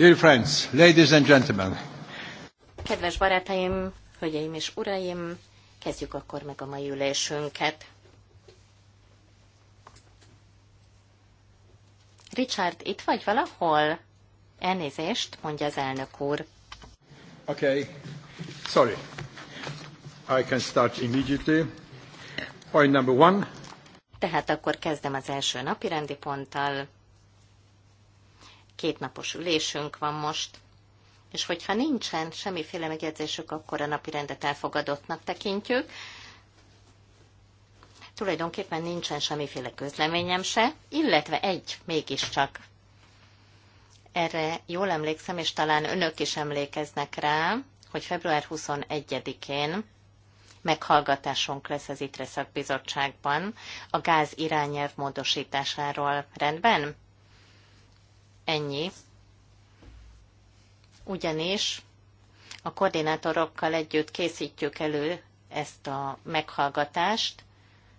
Dear friends, ladies and gentlemen. Kedves barátaim, hölgyeim és uraim, kezdjük akkor meg a mai ülésünket. Richard, itt vagy valahol? Elnézést, mondja az elnök úr. Okay, sorry. I can start immediately. Point number one. Tehát akkor kezdem az első napi rendi ponttal kétnapos ülésünk van most, és hogyha nincsen semmiféle megjegyzésük, akkor a napi rendet elfogadottnak tekintjük. Tulajdonképpen nincsen semmiféle közleményem se, illetve egy mégiscsak. Erre jól emlékszem, és talán önök is emlékeznek rá, hogy február 21-én meghallgatásunk lesz az ITRE szakbizottságban a gáz irányelv módosításáról. Rendben? Ennyi. Ugyanis a koordinátorokkal együtt készítjük elő ezt a meghallgatást.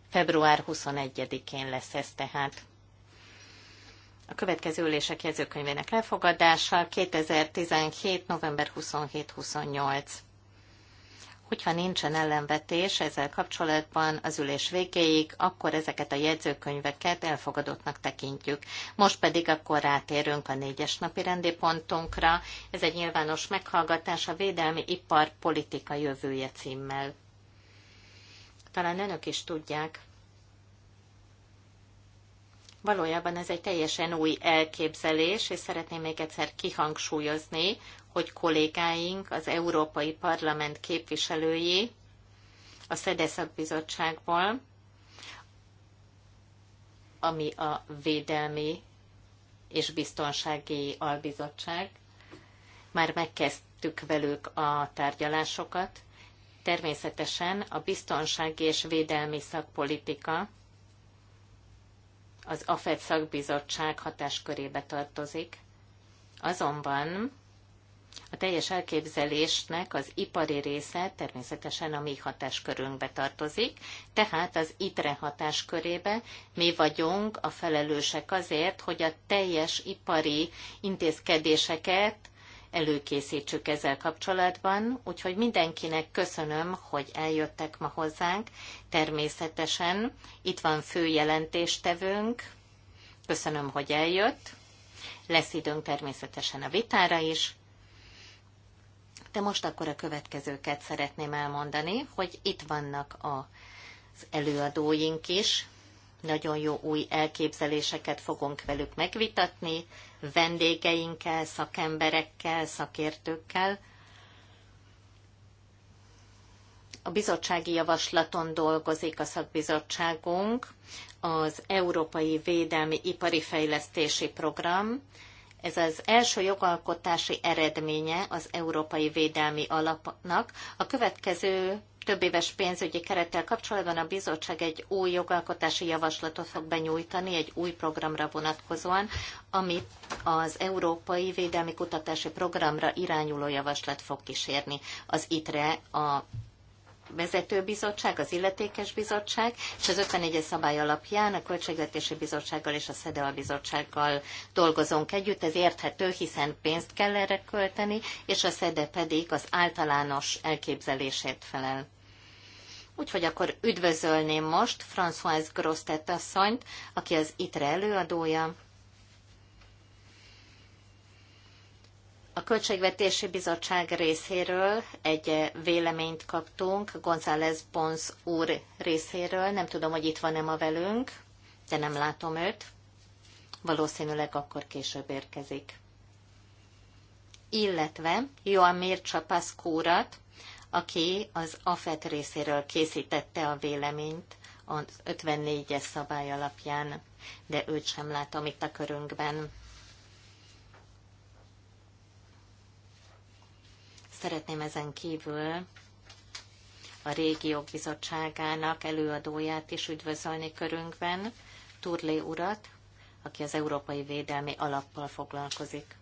Február 21-én lesz ez tehát. A következő ülések jegyzőkönyvének elfogadása 2017. november 27-28. Hogyha nincsen ellenvetés ezzel kapcsolatban az ülés végéig, akkor ezeket a jegyzőkönyveket elfogadottnak tekintjük. Most pedig akkor rátérünk a négyes napi rendi pontunkra. Ez egy nyilvános meghallgatás a Védelmi Ipar Politika Jövője címmel. Talán önök is tudják, Valójában ez egy teljesen új elképzelés, és szeretném még egyszer kihangsúlyozni, hogy kollégáink, az Európai Parlament képviselői a SZEDESZAK bizottságból, ami a Védelmi és Biztonsági Albizottság, már megkezdtük velük a tárgyalásokat. Természetesen a biztonsági és védelmi szakpolitika az AFED szakbizottság hatáskörébe tartozik. Azonban a teljes elképzelésnek az ipari része természetesen a mi hatáskörünkbe tartozik, tehát az ITRE hatáskörébe mi vagyunk a felelősek azért, hogy a teljes ipari intézkedéseket előkészítsük ezzel kapcsolatban. Úgyhogy mindenkinek köszönöm, hogy eljöttek ma hozzánk. Természetesen itt van fő jelentéstevőnk, Köszönöm, hogy eljött. Lesz időnk természetesen a vitára is. De most akkor a következőket szeretném elmondani, hogy itt vannak az előadóink is. Nagyon jó új elképzeléseket fogunk velük megvitatni, vendégeinkkel, szakemberekkel, szakértőkkel. A bizottsági javaslaton dolgozik a szakbizottságunk, az Európai Védelmi Ipari Fejlesztési Program. Ez az első jogalkotási eredménye az Európai Védelmi Alapnak. A következő több éves pénzügyi kerettel kapcsolatban a bizottság egy új jogalkotási javaslatot fog benyújtani, egy új programra vonatkozóan, ami az Európai Védelmi Kutatási Programra irányuló javaslat fog kísérni. Az ITRE a vezetőbizottság, az illetékes bizottság, és az 51-es szabály alapján a Költségvetési Bizottsággal és a SZEDEA Bizottsággal dolgozunk együtt. Ez érthető, hiszen pénzt kell erre költeni, és a SZEDE pedig az általános elképzelését felel. Úgyhogy akkor üdvözölném most Françoise Grosztett asszonyt, aki az ITRE előadója, A Költségvetési Bizottság részéről egy véleményt kaptunk, González Pons úr részéről. Nem tudom, hogy itt van-e ma velünk, de nem látom őt. Valószínűleg akkor később érkezik. Illetve Joan Mircsa Paszkórat, aki az AFET részéről készítette a véleményt az 54-es szabály alapján, de őt sem látom itt a körünkben. Szeretném ezen kívül a Régiók Bizottságának előadóját is üdvözölni körünkben, Turlé urat, aki az Európai Védelmi Alappal foglalkozik.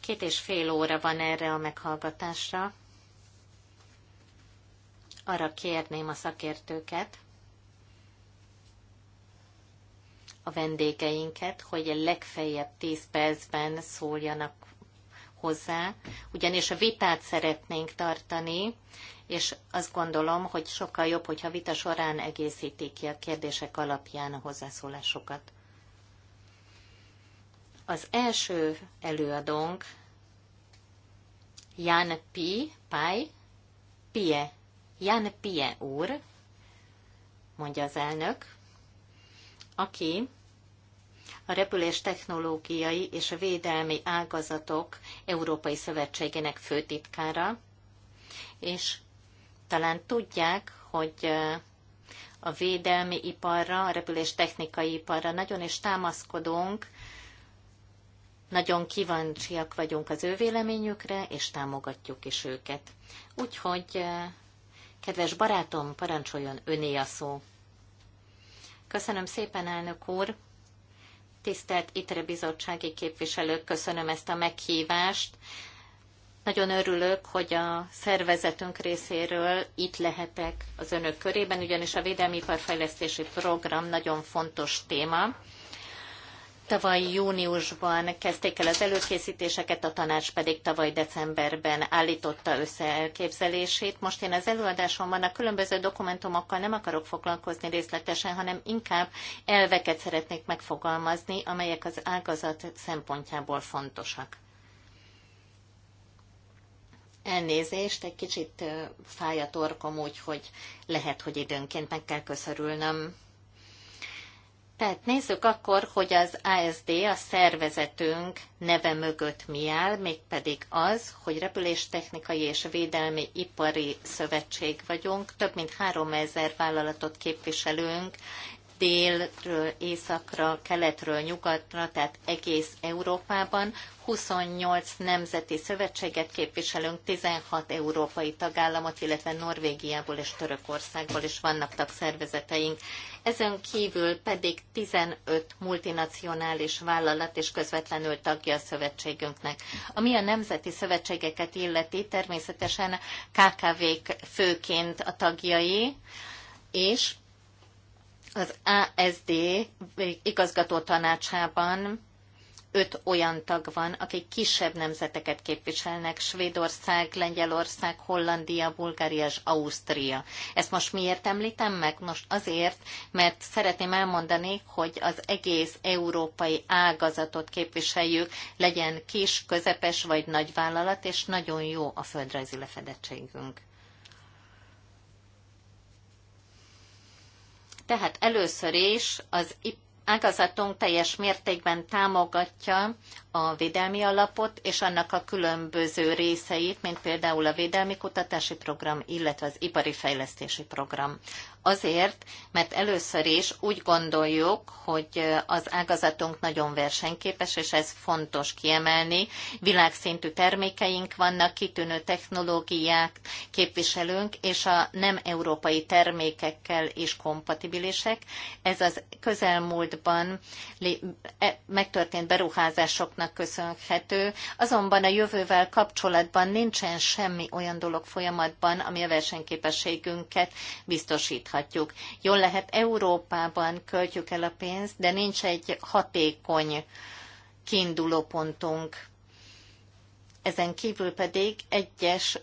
Két és fél óra van erre a meghallgatásra. Arra kérném a szakértőket, a vendégeinket, hogy legfeljebb 10 percben szóljanak hozzá, ugyanis a vitát szeretnénk tartani, és azt gondolom, hogy sokkal jobb, hogyha vita során egészítik ki a kérdések alapján a hozzászólásokat. Az első előadónk Jan Pi, Pai, Pie, Jan Pie úr, mondja az elnök, aki a repülés technológiai és a védelmi ágazatok Európai Szövetségének főtitkára, és talán tudják, hogy a védelmi iparra, a repülés technikai iparra nagyon is támaszkodunk, nagyon kíváncsiak vagyunk az ő véleményükre, és támogatjuk is őket. Úgyhogy, kedves barátom, parancsoljon öné a szó. Köszönöm szépen, elnök úr! Tisztelt ITRE bizottsági képviselők, köszönöm ezt a meghívást. Nagyon örülök, hogy a szervezetünk részéről itt lehetek az önök körében, ugyanis a Védelmi Iparfejlesztési Program nagyon fontos téma. Tavaly júniusban kezdték el az előkészítéseket, a tanács pedig tavaly decemberben állította össze elképzelését. Most én az előadásomban a különböző dokumentumokkal nem akarok foglalkozni részletesen, hanem inkább elveket szeretnék megfogalmazni, amelyek az ágazat szempontjából fontosak. Elnézést, egy kicsit fáj a torkom, úgyhogy lehet, hogy időnként meg kell köszörülnöm tehát nézzük akkor, hogy az ASD a szervezetünk neve mögött mi áll, mégpedig az, hogy Repüléstechnikai és Védelmi Ipari Szövetség vagyunk, több mint 3000 vállalatot képviselünk, délről, északra, keletről, nyugatra, tehát egész Európában 28 nemzeti szövetséget képviselünk, 16 európai tagállamot, illetve Norvégiából és Törökországból is vannak tagszervezeteink. Ezen kívül pedig 15 multinacionális vállalat és közvetlenül tagja a szövetségünknek. Ami a nemzeti szövetségeket illeti, természetesen KKV-k főként a tagjai, és az ASD igazgató tanácsában öt olyan tag van, akik kisebb nemzeteket képviselnek, Svédország, Lengyelország, Hollandia, Bulgária és Ausztria. Ezt most miért említem meg? Most azért, mert szeretném elmondani, hogy az egész európai ágazatot képviseljük, legyen kis, közepes vagy nagy vállalat, és nagyon jó a földrajzi lefedettségünk. Tehát először is az ágazatunk teljes mértékben támogatja a védelmi alapot és annak a különböző részeit, mint például a védelmi kutatási program, illetve az ipari fejlesztési program. Azért, mert először is úgy gondoljuk, hogy az ágazatunk nagyon versenyképes, és ez fontos kiemelni. Világszintű termékeink vannak, kitűnő technológiák képviselünk, és a nem európai termékekkel is kompatibilisek. Ez az közelmúltban e- megtörtént beruházásoknak köszönhető, azonban a jövővel kapcsolatban nincsen semmi olyan dolog folyamatban, ami a versenyképességünket biztosíthat mondhatjuk. Jól lehet, Európában költjük el a pénzt, de nincs egy hatékony kiinduló pontunk. Ezen kívül pedig egyes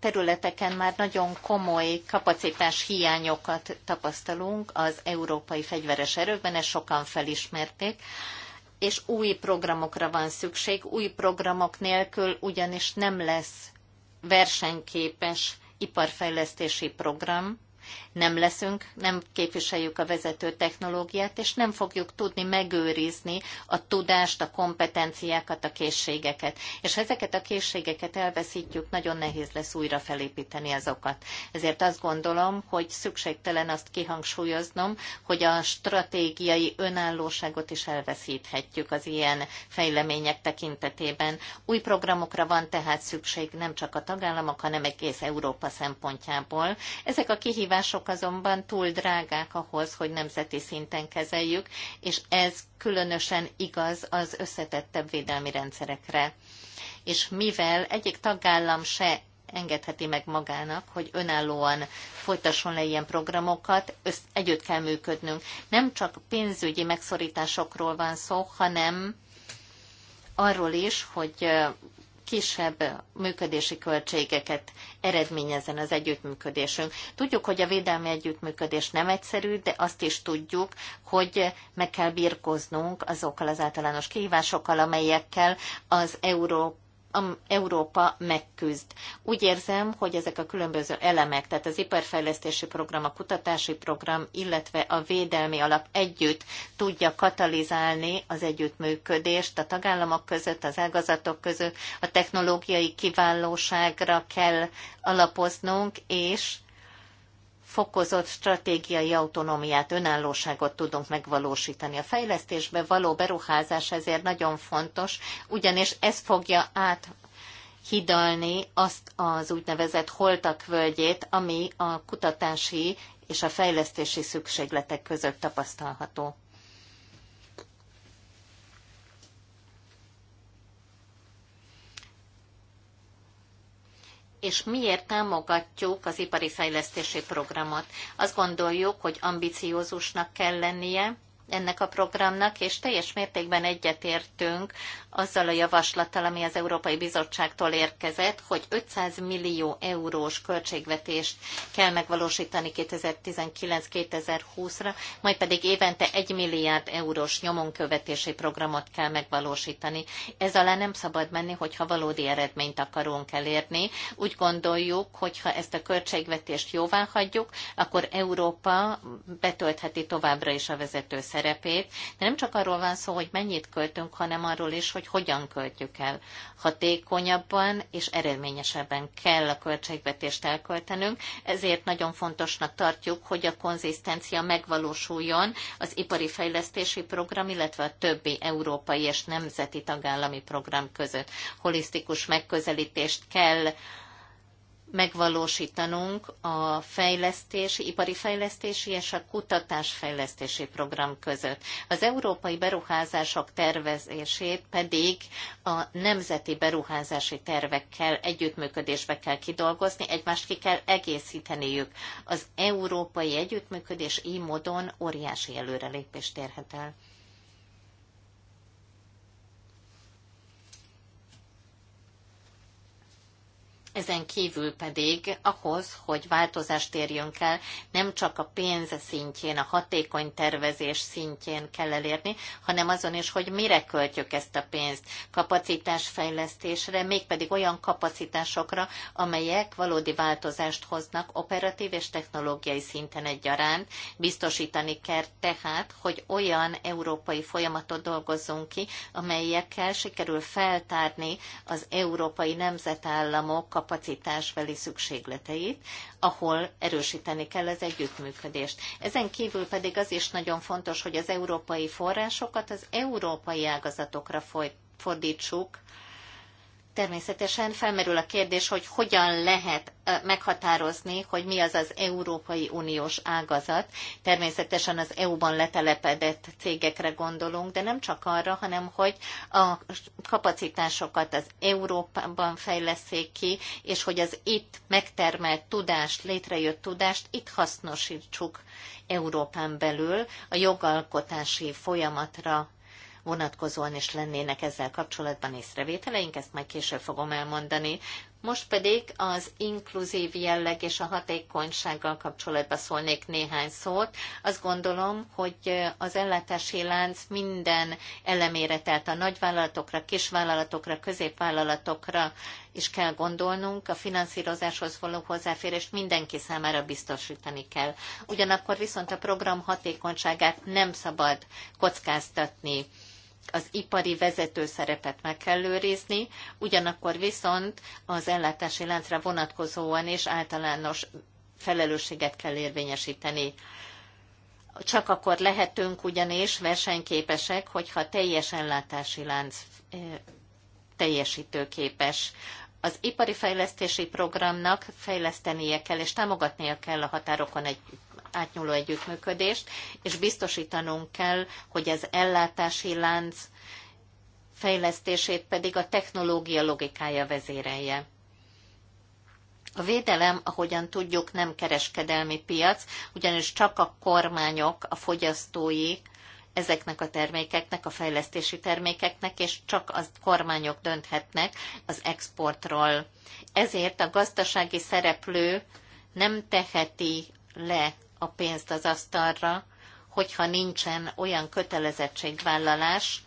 területeken már nagyon komoly kapacitás hiányokat tapasztalunk az európai fegyveres erőkben, ezt sokan felismerték és új programokra van szükség. Új programok nélkül ugyanis nem lesz versenyképes iparfejlesztési program, nem leszünk, nem képviseljük a vezető technológiát, és nem fogjuk tudni megőrizni a tudást, a kompetenciákat, a készségeket. És ha ezeket a készségeket elveszítjük, nagyon nehéz lesz újra felépíteni azokat. Ezért azt gondolom, hogy szükségtelen azt kihangsúlyoznom, hogy a stratégiai önállóságot is elveszíthetjük az ilyen fejlemények tekintetében. Új programokra van tehát szükség nem csak a tagállamok, hanem egész Európa szempontjából. Ezek a kihívások források azonban túl drágák ahhoz, hogy nemzeti szinten kezeljük, és ez különösen igaz az összetettebb védelmi rendszerekre. És mivel egyik tagállam se engedheti meg magának, hogy önállóan folytasson le ilyen programokat, össz, együtt kell működnünk. Nem csak pénzügyi megszorításokról van szó, hanem arról is, hogy kisebb működési költségeket eredményezen az együttműködésünk. Tudjuk, hogy a védelmi együttműködés nem egyszerű, de azt is tudjuk, hogy meg kell birkoznunk azokkal az általános kihívásokkal, amelyekkel az Európa Európa megküzd. Úgy érzem, hogy ezek a különböző elemek, tehát az iparfejlesztési program, a kutatási program, illetve a védelmi alap együtt tudja katalizálni az együttműködést a tagállamok között, az ágazatok között, a technológiai kiválóságra kell alapoznunk, és fokozott stratégiai autonómiát, önállóságot tudunk megvalósítani. A fejlesztésbe való beruházás ezért nagyon fontos, ugyanis ez fogja át hidalni azt az úgynevezett holtak völgyét, ami a kutatási és a fejlesztési szükségletek között tapasztalható. és miért támogatjuk az ipari fejlesztési programot. Azt gondoljuk, hogy ambiciózusnak kell lennie, ennek a programnak, és teljes mértékben egyetértünk azzal a javaslattal, ami az Európai Bizottságtól érkezett, hogy 500 millió eurós költségvetést kell megvalósítani 2019-2020-ra, majd pedig évente 1 milliárd eurós nyomonkövetési programot kell megvalósítani. Ez alá nem szabad menni, hogyha valódi eredményt akarunk elérni. Úgy gondoljuk, hogy ha ezt a költségvetést jóvá hagyjuk, akkor Európa betöltheti továbbra is a vezető szerepét, de nem csak arról van szó, hogy mennyit költünk, hanem arról is, hogy hogyan költjük el. Hatékonyabban és eredményesebben kell a költségvetést elköltenünk, ezért nagyon fontosnak tartjuk, hogy a konzisztencia megvalósuljon az ipari fejlesztési program, illetve a többi európai és nemzeti tagállami program között. Holisztikus megközelítést kell megvalósítanunk a fejlesztési, ipari fejlesztési és a kutatásfejlesztési program között. Az európai beruházások tervezését pedig a nemzeti beruházási tervekkel együttműködésbe kell kidolgozni, egymást ki kell egészíteniük. Az európai együttműködés így módon óriási előrelépést érhet el. Ezen kívül pedig ahhoz, hogy változást érjünk el, nem csak a pénz szintjén, a hatékony tervezés szintjén kell elérni, hanem azon is, hogy mire költjük ezt a pénzt. Kapacitásfejlesztésre, mégpedig olyan kapacitásokra, amelyek valódi változást hoznak operatív és technológiai szinten egyaránt. Biztosítani kell tehát, hogy olyan európai folyamatot dolgozzunk ki, amelyekkel sikerül feltárni az európai nemzetállamok kapacitásbeli szükségleteit, ahol erősíteni kell az együttműködést. Ezen kívül pedig az is nagyon fontos, hogy az európai forrásokat az európai ágazatokra fordítsuk, Természetesen felmerül a kérdés, hogy hogyan lehet meghatározni, hogy mi az az Európai Uniós ágazat. Természetesen az EU-ban letelepedett cégekre gondolunk, de nem csak arra, hanem hogy a kapacitásokat az Európában fejleszék ki, és hogy az itt megtermelt tudást, létrejött tudást itt hasznosítsuk Európán belül a jogalkotási folyamatra vonatkozóan is lennének ezzel kapcsolatban észrevételeink, ezt majd később fogom elmondani. Most pedig az inkluzív jelleg és a hatékonysággal kapcsolatban szólnék néhány szót. Azt gondolom, hogy az ellátási lánc minden elemére, tehát a nagyvállalatokra, kisvállalatokra, középvállalatokra is kell gondolnunk, a finanszírozáshoz való hozzáférést mindenki számára biztosítani kell. Ugyanakkor viszont a program hatékonyságát nem szabad kockáztatni az ipari vezető szerepet meg kell őrizni, ugyanakkor viszont az ellátási láncra vonatkozóan és általános felelősséget kell érvényesíteni. Csak akkor lehetünk ugyanis versenyképesek, hogyha teljes ellátási lánc teljesítőképes. Az ipari fejlesztési programnak fejlesztenie kell és támogatnia kell a határokon egy átnyúló együttműködést, és biztosítanunk kell, hogy az ellátási lánc fejlesztését pedig a technológia logikája vezérelje. A védelem, ahogyan tudjuk, nem kereskedelmi piac, ugyanis csak a kormányok, a fogyasztói ezeknek a termékeknek, a fejlesztési termékeknek, és csak az kormányok dönthetnek az exportról. Ezért a gazdasági szereplő nem teheti le a pénzt az asztalra, hogyha nincsen olyan kötelezettségvállalás,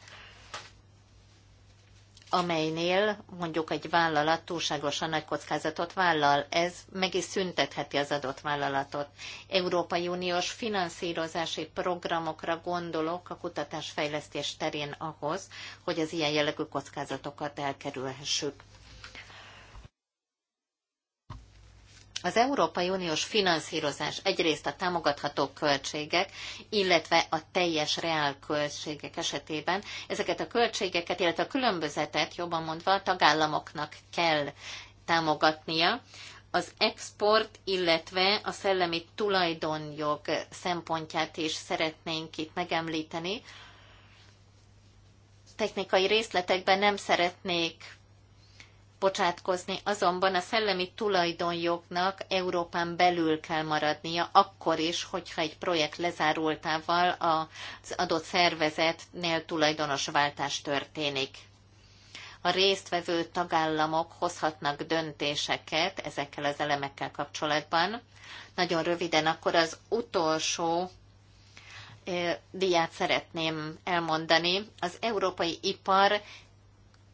amelynél mondjuk egy vállalat túlságosan nagy kockázatot vállal. Ez meg is szüntetheti az adott vállalatot. Európai Uniós finanszírozási programokra gondolok a kutatásfejlesztés terén ahhoz, hogy az ilyen jellegű kockázatokat elkerülhessük. Az Európai Uniós finanszírozás egyrészt a támogatható költségek, illetve a teljes reálköltségek esetében ezeket a költségeket, illetve a különbözetet, jobban mondva, a tagállamoknak kell támogatnia. Az export, illetve a szellemi tulajdonjog szempontját is szeretnénk itt megemlíteni. Technikai részletekben nem szeretnék bocsátkozni, azonban a szellemi tulajdonjognak Európán belül kell maradnia, akkor is, hogyha egy projekt lezárultával az adott szervezetnél tulajdonosváltás történik. A résztvevő tagállamok hozhatnak döntéseket ezekkel az elemekkel kapcsolatban. Nagyon röviden akkor az utolsó eh, diát szeretném elmondani. Az európai ipar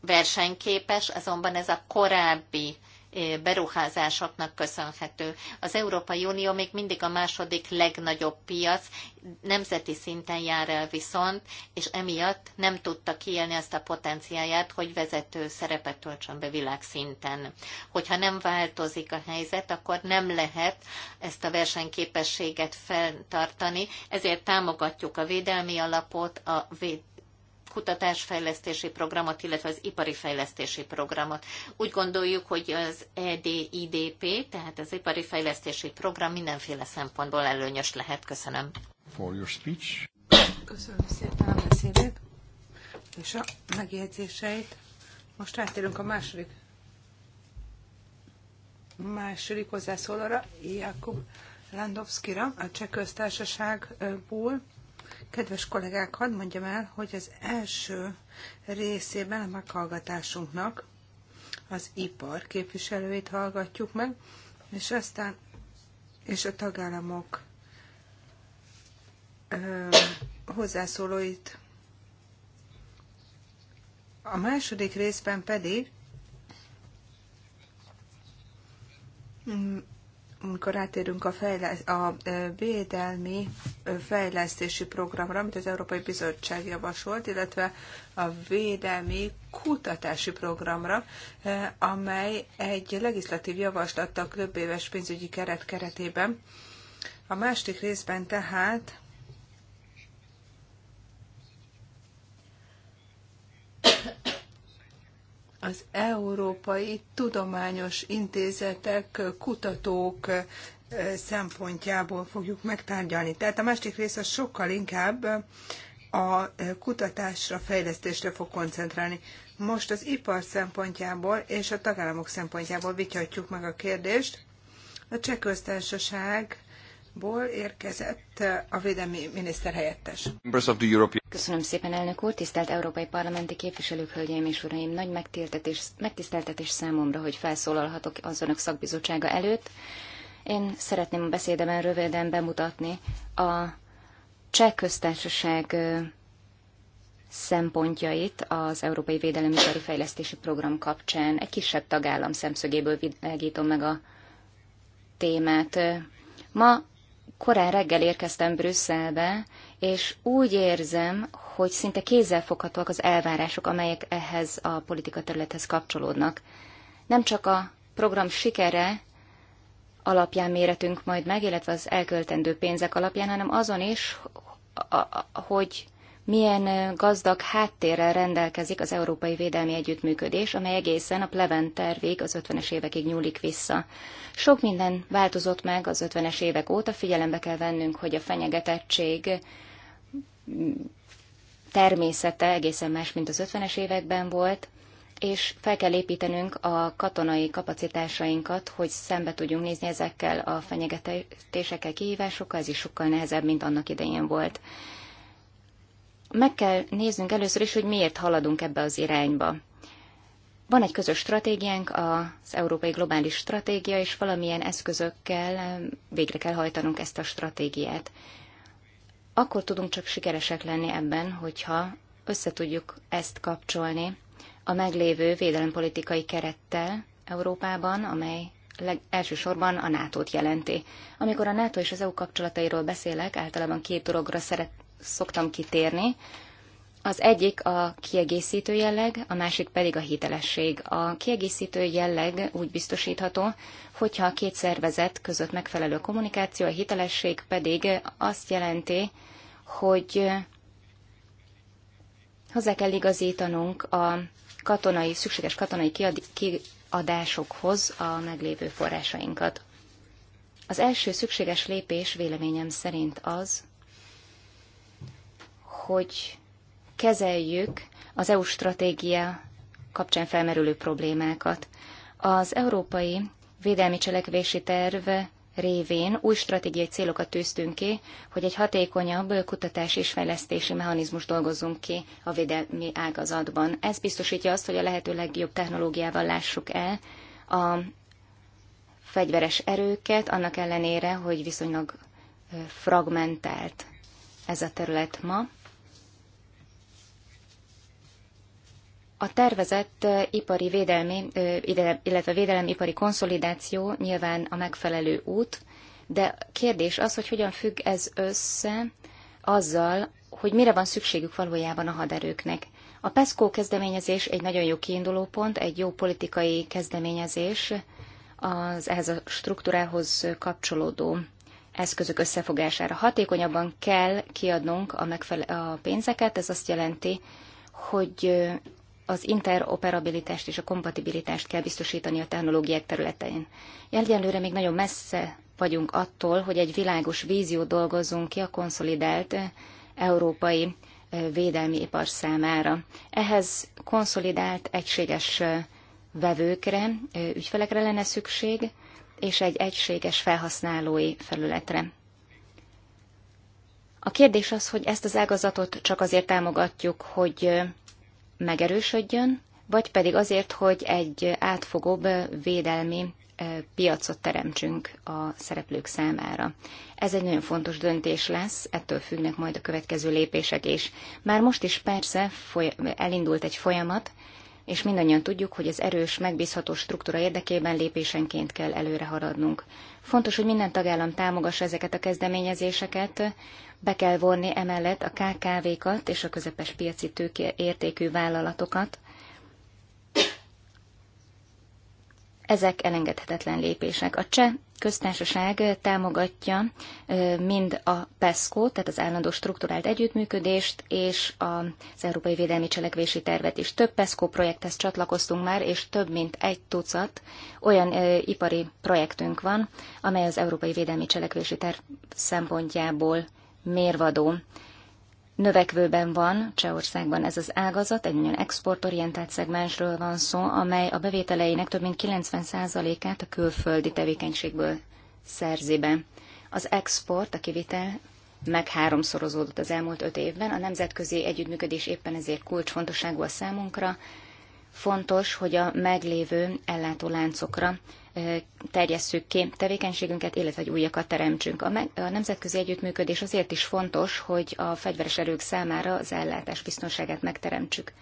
versenyképes, azonban ez a korábbi eh, beruházásoknak köszönhető. Az Európai Unió még mindig a második legnagyobb piac, nemzeti szinten jár el viszont, és emiatt nem tudta kielni ezt a potenciáját, hogy vezető szerepet töltsön be világszinten. Hogyha nem változik a helyzet, akkor nem lehet ezt a versenyképességet fenntartani, ezért támogatjuk a védelmi alapot, a véd kutatásfejlesztési programot, illetve az ipari fejlesztési programot. Úgy gondoljuk, hogy az EDIDP, tehát az ipari fejlesztési program mindenféle szempontból előnyös lehet. Köszönöm. For your speech. Köszönöm szépen a beszédét és a megjegyzéseit. Most rátérünk a második második hozzászólóra, Jakub Landowskira, a Cseh Köztársaságból. Kedves kollégák, hadd mondjam el, hogy az első részében a meghallgatásunknak az ipar képviselőit hallgatjuk meg, és aztán és a tagállamok ö, hozzászólóit. A második részben pedig mm, amikor rátérünk a, fejlesz, a védelmi fejlesztési programra, amit az Európai Bizottság javasolt, illetve a védelmi kutatási programra, amely egy legislatív javaslattal több éves pénzügyi keret keretében. A második részben tehát az európai tudományos intézetek, kutatók szempontjából fogjuk megtárgyalni. Tehát a másik rész az sokkal inkább a kutatásra, fejlesztésre fog koncentrálni. Most az ipar szempontjából és a tagállamok szempontjából vitatjuk meg a kérdést. A cseh köztársaság ból érkezett a védelmi miniszter helyettes. Köszönöm szépen, elnök úr, tisztelt európai parlamenti képviselők, hölgyeim és uraim, nagy megtiszteltetés, megtiszteltetés számomra, hogy felszólalhatok az önök szakbizottsága előtt. Én szeretném a beszédemen röviden bemutatni a cseh köztársaság szempontjait az Európai Védelem Ipari Fejlesztési Program kapcsán. Egy kisebb tagállam szemszögéből világítom meg a témát. Ma korán reggel érkeztem Brüsszelbe, és úgy érzem, hogy szinte kézzelfoghatóak az elvárások, amelyek ehhez a politika területhez kapcsolódnak. Nem csak a program sikere alapján méretünk majd meg, illetve az elköltendő pénzek alapján, hanem azon is, hogy milyen gazdag háttérrel rendelkezik az Európai Védelmi Együttműködés, amely egészen a Pleven tervig az 50-es évekig nyúlik vissza. Sok minden változott meg az 50-es évek óta, figyelembe kell vennünk, hogy a fenyegetettség természete egészen más, mint az 50-es években volt, és fel kell építenünk a katonai kapacitásainkat, hogy szembe tudjunk nézni ezekkel a fenyegetésekkel, kihívásokkal, ez is sokkal nehezebb, mint annak idején volt meg kell néznünk először is, hogy miért haladunk ebbe az irányba. Van egy közös stratégiánk, az Európai Globális Stratégia, és valamilyen eszközökkel végre kell hajtanunk ezt a stratégiát. Akkor tudunk csak sikeresek lenni ebben, hogyha összetudjuk ezt kapcsolni a meglévő védelempolitikai kerettel Európában, amely leg, elsősorban a NATO-t jelenti. Amikor a NATO és az EU kapcsolatairól beszélek, általában két dologra szeret, szoktam kitérni. Az egyik a kiegészítő jelleg, a másik pedig a hitelesség. A kiegészítő jelleg úgy biztosítható, hogyha a két szervezet között megfelelő kommunikáció, a hitelesség pedig azt jelenti, hogy hozzá kell igazítanunk a katonai, szükséges katonai kiadásokhoz a meglévő forrásainkat. Az első szükséges lépés véleményem szerint az, hogy kezeljük az EU stratégia kapcsán felmerülő problémákat. Az Európai Védelmi Cselekvési Terv révén új stratégiai célokat tűztünk ki, hogy egy hatékonyabb kutatási és fejlesztési mechanizmus dolgozzunk ki a védelmi ágazatban. Ez biztosítja azt, hogy a lehető legjobb technológiával lássuk el a fegyveres erőket, annak ellenére, hogy viszonylag fragmentált ez a terület ma. A tervezett ipari védelmi, illetve ipari konszolidáció nyilván a megfelelő út, de kérdés az, hogy hogyan függ ez össze azzal, hogy mire van szükségük valójában a haderőknek. A PESCO kezdeményezés egy nagyon jó kiindulópont, egy jó politikai kezdeményezés az ehhez a struktúrához kapcsolódó eszközök összefogására. Hatékonyabban kell kiadnunk a, megfele- a pénzeket, ez azt jelenti, hogy az interoperabilitást és a kompatibilitást kell biztosítani a technológiák területein. Egyelőre még nagyon messze vagyunk attól, hogy egy világos vízió dolgozzunk ki a konszolidált eh, európai eh, védelmi ipar számára. Ehhez konszolidált, egységes eh, vevőkre, ügyfelekre lenne szükség, és egy egységes felhasználói felületre. A kérdés az, hogy ezt az ágazatot csak azért támogatjuk, hogy megerősödjön, vagy pedig azért, hogy egy átfogóbb védelmi piacot teremtsünk a szereplők számára. Ez egy nagyon fontos döntés lesz, ettől függnek majd a következő lépések is. Már most is persze elindult egy folyamat, és mindannyian tudjuk, hogy az erős, megbízható struktúra érdekében lépésenként kell előre haladnunk. Fontos, hogy minden tagállam támogassa ezeket a kezdeményezéseket, be kell vonni emellett a KKV-kat és a közepes piaci tőke értékű vállalatokat, Ezek elengedhetetlen lépések. A cseh köztársaság támogatja mind a PESCO, tehát az állandó strukturált együttműködést, és az Európai Védelmi Cselekvési Tervet is. Több PESCO projekthez csatlakoztunk már, és több mint egy tucat olyan ipari projektünk van, amely az Európai Védelmi Cselekvési Terv szempontjából mérvadó növekvőben van Csehországban ez az ágazat, egy nagyon exportorientált szegmensről van szó, amely a bevételeinek több mint 90%-át a külföldi tevékenységből szerzi be. Az export, a kivitel meg háromszorozódott az elmúlt öt évben, a nemzetközi együttműködés éppen ezért kulcsfontosságú a számunkra, fontos, hogy a meglévő ellátó láncokra terjesszük ki tevékenységünket, illetve hogy újakat teremtsünk. A, meg, a nemzetközi együttműködés azért is fontos, hogy a fegyveres erők számára az ellátás biztonságát megteremtsük.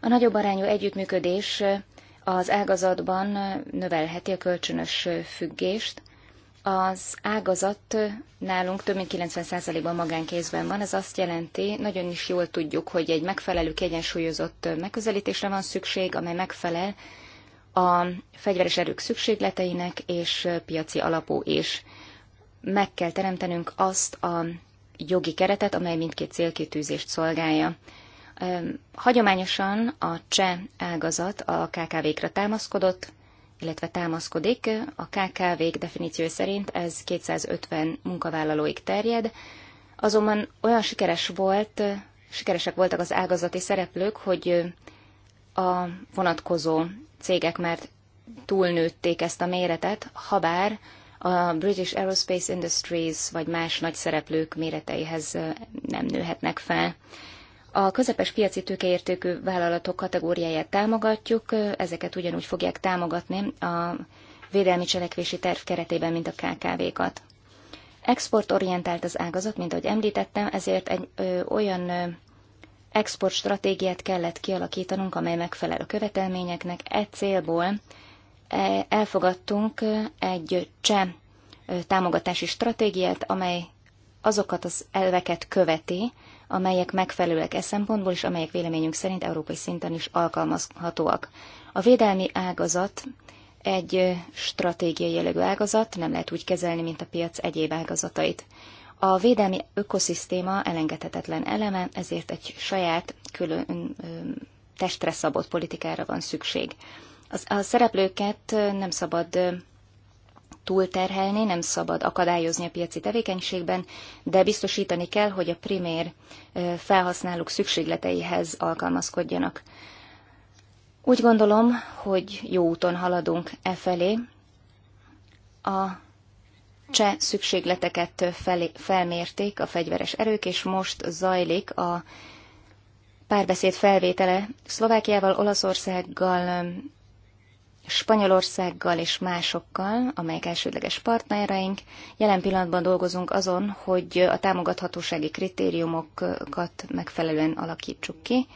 A nagyobb arányú együttműködés az ágazatban növelheti a kölcsönös függést. Az ágazat nálunk több mint 90%-ban magánkézben van, ez azt jelenti, nagyon is jól tudjuk, hogy egy megfelelő, kiegyensúlyozott megközelítésre van szükség, amely megfelel a fegyveres erők szükségleteinek és piaci alapú is. Meg kell teremtenünk azt a jogi keretet, amely mindkét célkitűzést szolgálja. Hagyományosan a cseh ágazat a KKV-kra támaszkodott, illetve támaszkodik. A kkv definíció definíciója szerint ez 250 munkavállalóig terjed, azonban olyan sikeres volt, sikeresek voltak az ágazati szereplők, hogy a vonatkozó cégek már túlnőtték ezt a méretet, habár a British Aerospace Industries vagy más nagy szereplők méreteihez nem nőhetnek fel. A közepes piaci tőkeértékű vállalatok kategóriáját támogatjuk, ezeket ugyanúgy fogják támogatni a védelmi cselekvési terv keretében, mint a KKV-kat. Exportorientált az ágazat, mint ahogy említettem, ezért egy ö, olyan exportstratégiát kellett kialakítanunk, amely megfelel a követelményeknek. E célból e, elfogadtunk egy cseh támogatási stratégiát, amely azokat az elveket követi, amelyek megfelelőek e szempontból, és amelyek véleményünk szerint európai szinten is alkalmazhatóak. A védelmi ágazat egy stratégiai jellegű ágazat, nem lehet úgy kezelni, mint a piac egyéb ágazatait. A védelmi ökoszisztéma elengedhetetlen eleme, ezért egy saját, külön testre szabott politikára van szükség. A szereplőket nem szabad túlterhelni, nem szabad akadályozni a piaci tevékenységben, de biztosítani kell, hogy a primér felhasználók szükségleteihez alkalmazkodjanak. Úgy gondolom, hogy jó úton haladunk e felé. A cseh szükségleteket felé, felmérték a fegyveres erők, és most zajlik a párbeszéd felvétele Szlovákiával, Olaszországgal, Spanyolországgal és másokkal, amelyek elsődleges partnereink. Jelen pillanatban dolgozunk azon, hogy a támogathatósági kritériumokat megfelelően alakítsuk ki.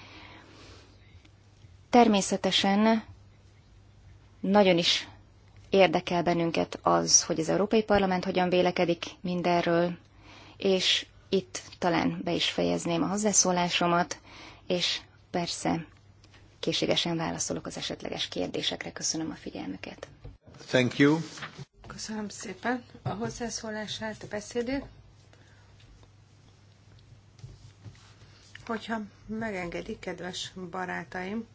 Természetesen nagyon is Érdekel bennünket az, hogy az Európai Parlament hogyan vélekedik mindenről, és itt talán be is fejezném a hozzászólásomat, és persze készségesen válaszolok az esetleges kérdésekre. Köszönöm a figyelmüket. Thank you. Köszönöm szépen a hozzászólását, a beszédét. Hogyha megengedik, kedves barátaim,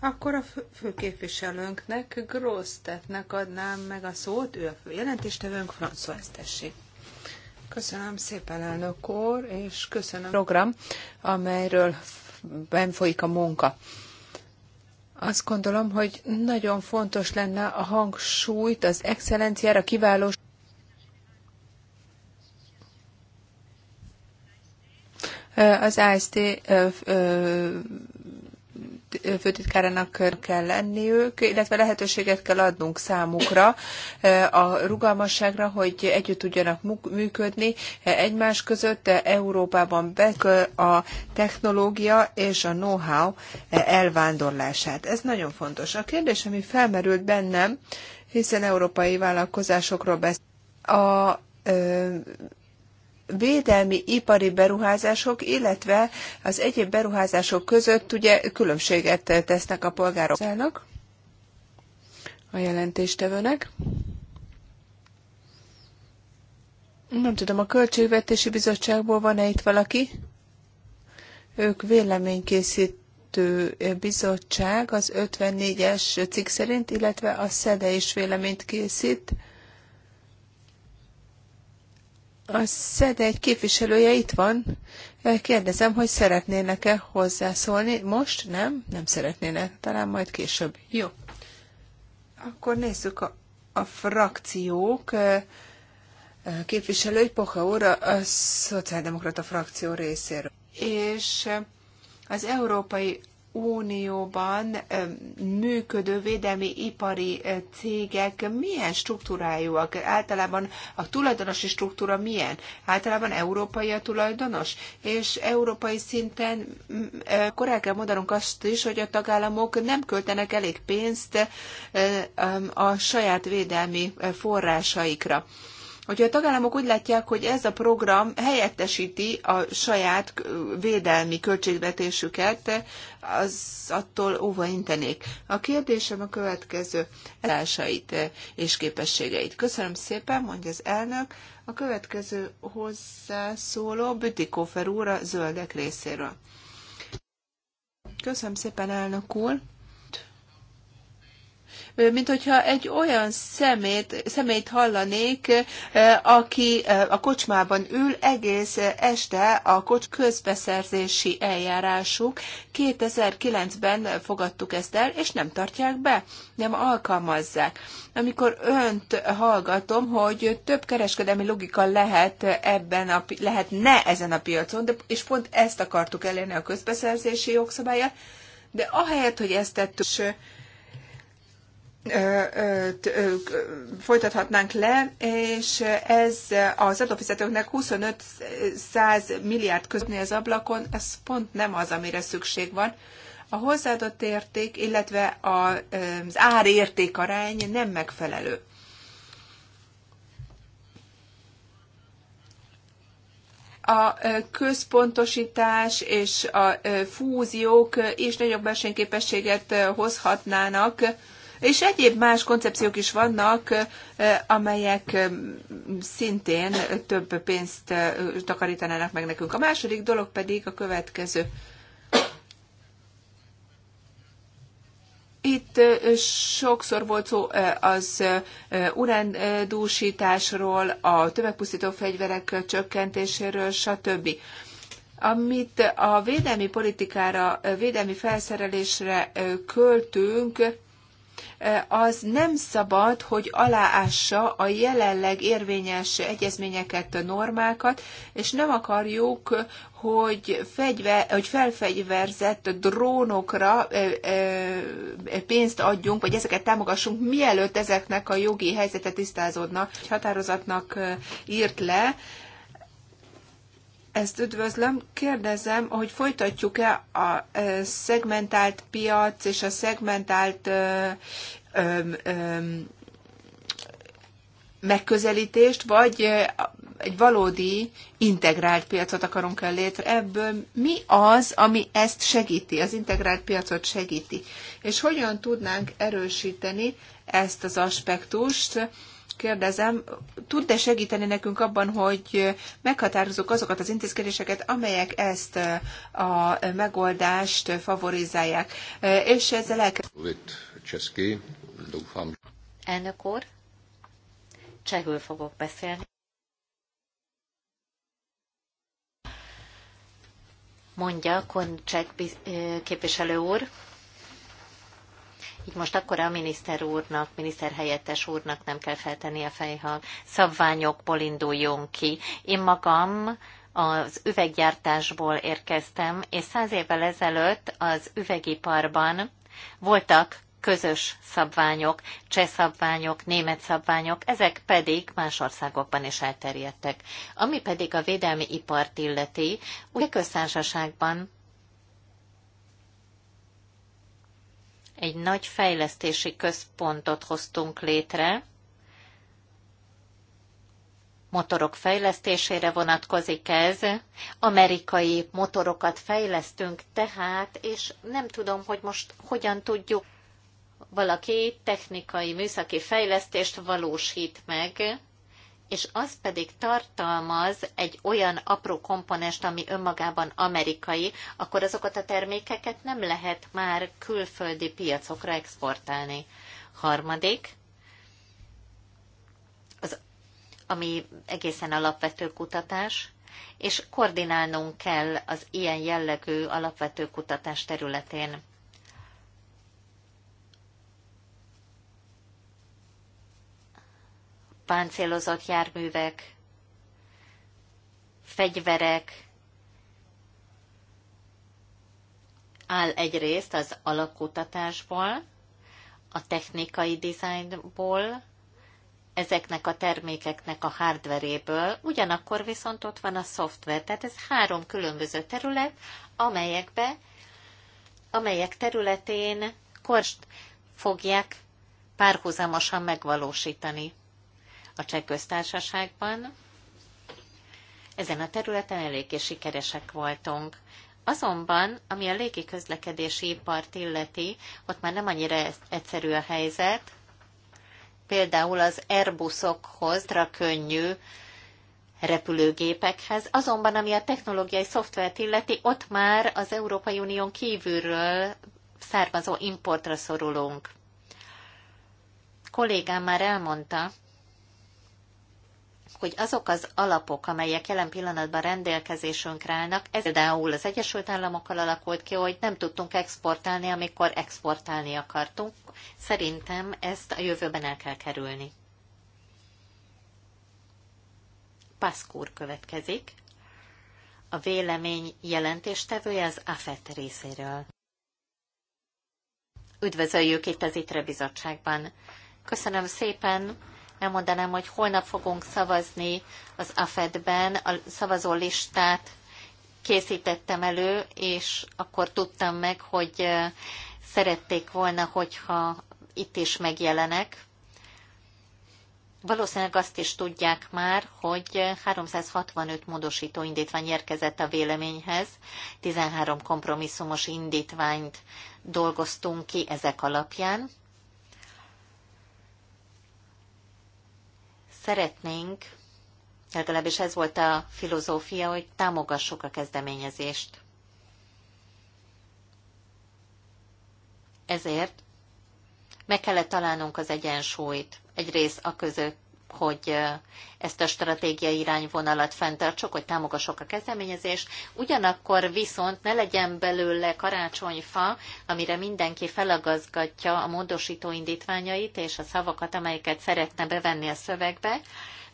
akkor a főképviselőnknek, Grosztetnek adnám meg a szót, ő a jelentéstevőnk, François Tessé. Köszönöm szépen, elnök úr, és köszönöm a program, amelyről ben folyik a munka. Azt gondolom, hogy nagyon fontos lenne a hangsúlyt az excellenciára, kiváló az AST főtitkárának kell lenniük, illetve lehetőséget kell adnunk számukra a rugalmasságra, hogy együtt tudjanak működni egymás között. Európában be a technológia és a know-how elvándorlását. Ez nagyon fontos. A kérdés, ami felmerült bennem, hiszen európai vállalkozásokról beszélünk, a védelmi ipari beruházások, illetve az egyéb beruházások között ugye különbséget tesznek a polgárok. a jelentéstevőnek. Nem tudom, a Költségvetési Bizottságból van-e itt valaki? Ők véleménykészítő bizottság az 54-es cikk szerint, illetve a SZEDE is véleményt készít. A SZED egy képviselője itt van. Kérdezem, hogy szeretnének-e hozzászólni. Most nem? Nem szeretnének. Talán majd később. Jó. Akkor nézzük a, a frakciók képviselői Poha úr a Szociáldemokrata frakció részéről. És az Európai Unióban működő védelmi ipari cégek milyen struktúrájúak? Általában a tulajdonosi struktúra milyen? Általában európai a tulajdonos? És európai szinten akkor kell mondanunk azt is, hogy a tagállamok nem költenek elég pénzt a saját védelmi forrásaikra. Hogyha a tagállamok úgy látják, hogy ez a program helyettesíti a saját védelmi költségvetésüket, az attól óva intenék. A kérdésem a következő elásait és képességeit. Köszönöm szépen, mondja az elnök. A következő hozzászóló Bütikófer úr a zöldek részéről. Köszönöm szépen, elnök úr mint hogyha egy olyan szemét, szemét hallanék, eh, aki eh, a kocsmában ül egész eh, este a kocs közbeszerzési eljárásuk. 2009-ben fogadtuk ezt el, és nem tartják be, nem alkalmazzák. Amikor önt hallgatom, hogy több kereskedelmi logika lehet ebben a, ne ezen a piacon, de, és pont ezt akartuk elérni a közbeszerzési jogszabályát, de ahelyett, hogy ezt tettük, folytathatnánk le, és ez az adófizetőknek 25 100 milliárd közni az ablakon, ez pont nem az, amire szükség van. A hozzáadott érték, illetve az árérték arány nem megfelelő. a központosítás és a fúziók is nagyobb versenyképességet hozhatnának és egyéb más koncepciók is vannak, amelyek szintén több pénzt takarítanának meg nekünk. A második dolog pedig a következő. Itt sokszor volt szó az urendúsításról, a tömegpusztító fegyverek csökkentéséről, stb. Amit a védelmi politikára, védelmi felszerelésre költünk, az nem szabad, hogy aláássa a jelenleg érvényes egyezményeket, normákat, és nem akarjuk, hogy, fegyver, hogy felfegyverzett drónokra pénzt adjunk, vagy ezeket támogassunk, mielőtt ezeknek a jogi helyzete tisztázódna. Egy határozatnak írt le, ezt üdvözlöm. Kérdezem, hogy folytatjuk-e a e, szegmentált piac és a szegmentált megközelítést, vagy egy valódi integrált piacot akarunk el létre. Ebből mi az, ami ezt segíti, az integrált piacot segíti? És hogyan tudnánk erősíteni ezt az aspektust, kérdezem, tud-e segíteni nekünk abban, hogy meghatározzuk azokat az intézkedéseket, amelyek ezt a megoldást favorizálják? És ezzel elkezdjük. Elnök úr, csehül fogok beszélni. Mondja Koncsek képviselő úr, így most akkor a miniszter úrnak, miniszter helyettes úrnak nem kell feltenni a fejhang, szabványokból induljon ki. Én magam az üveggyártásból érkeztem, és száz évvel ezelőtt az üvegiparban voltak közös szabványok, cseh szabványok, német szabványok, ezek pedig más országokban is elterjedtek. Ami pedig a védelmi ipart illeti, úgy köztársaságban egy nagy fejlesztési központot hoztunk létre, motorok fejlesztésére vonatkozik ez. Amerikai motorokat fejlesztünk tehát, és nem tudom, hogy most hogyan tudjuk valaki technikai, műszaki fejlesztést valósít meg, és az pedig tartalmaz egy olyan apró komponest, ami önmagában amerikai, akkor azokat a termékeket nem lehet már külföldi piacokra exportálni. Harmadik, az, ami egészen alapvető kutatás, és koordinálnunk kell az ilyen jellegű alapvető kutatás területén. páncélozott járművek, fegyverek áll egyrészt az alakutatásból, a technikai dizájnból, ezeknek a termékeknek a hardveréből, ugyanakkor viszont ott van a szoftver, tehát ez három különböző terület, amelyekbe, amelyek területén korst fogják párhuzamosan megvalósítani a cseh köztársaságban. Ezen a területen eléggé sikeresek voltunk. Azonban, ami a légi közlekedési ipart illeti, ott már nem annyira egyszerű a helyzet. Például az Airbusokhoz, könnyű repülőgépekhez. Azonban, ami a technológiai szoftvert illeti, ott már az Európai Unión kívülről származó importra szorulunk. A kollégám már elmondta, hogy azok az alapok, amelyek jelen pillanatban rendelkezésünkre állnak, ez például az Egyesült Államokkal alakult ki, hogy nem tudtunk exportálni, amikor exportálni akartunk. Szerintem ezt a jövőben el kell kerülni. Paszkúr következik. A vélemény jelentéstevője az AFET részéről. Üdvözöljük itt az ITRE bizottságban. Köszönöm szépen, elmondanám, hogy holnap fogunk szavazni az AFED-ben, a szavazó listát készítettem elő, és akkor tudtam meg, hogy szerették volna, hogyha itt is megjelenek. Valószínűleg azt is tudják már, hogy 365 módosító indítvány érkezett a véleményhez, 13 kompromisszumos indítványt dolgoztunk ki ezek alapján. Szeretnénk, legalábbis ez volt a filozófia, hogy támogassuk a kezdeményezést. Ezért meg kellett találnunk az egyensúlyt egyrészt a között, hogy ezt a stratégiai irányvonalat fenntartsuk, hogy támogassuk a kezdeményezést, ugyanakkor viszont ne legyen belőle karácsonyfa, amire mindenki felagazgatja a módosító indítványait és a szavakat, amelyeket szeretne bevenni a szövegbe,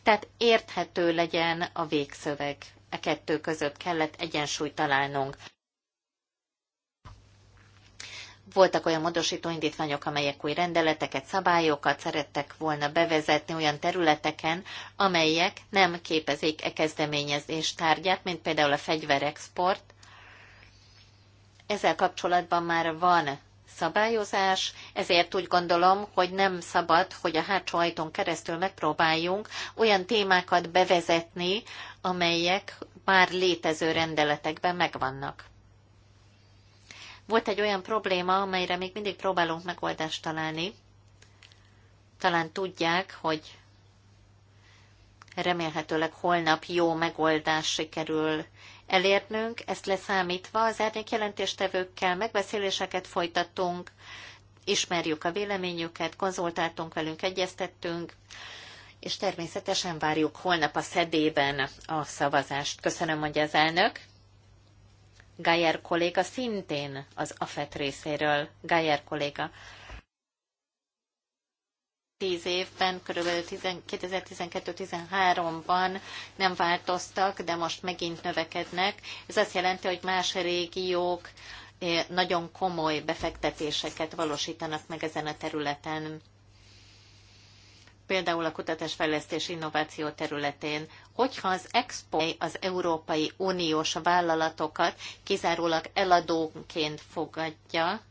tehát érthető legyen a végszöveg. E kettő között kellett egyensúlyt találnunk. Voltak olyan módosító indítványok, amelyek új rendeleteket, szabályokat szerettek volna bevezetni olyan területeken, amelyek nem képezik e kezdeményezés tárgyát, mint például a fegyverexport. Ezzel kapcsolatban már van szabályozás, ezért úgy gondolom, hogy nem szabad, hogy a hátsó ajtón keresztül megpróbáljunk olyan témákat bevezetni, amelyek már létező rendeletekben megvannak. Volt egy olyan probléma, amelyre még mindig próbálunk megoldást találni. Talán tudják, hogy remélhetőleg holnap jó megoldás sikerül elérnünk, ezt leszámítva az árnyék jelentéstevőkkel megbeszéléseket folytattunk, ismerjük a véleményüket, konzultáltunk velünk, egyeztettünk, és természetesen várjuk holnap a szedében a szavazást. Köszönöm, mondja az elnök. Gayer kolléga szintén az AFET részéről. Gayer kolléga. tíz évben, körülbelül 2012-13-ban nem változtak, de most megint növekednek. Ez azt jelenti, hogy más régiók eh, nagyon komoly befektetéseket valósítanak meg ezen a területen például a kutatásfejlesztés innováció területén, hogyha az Expo az Európai Uniós vállalatokat kizárólag eladóként fogadja,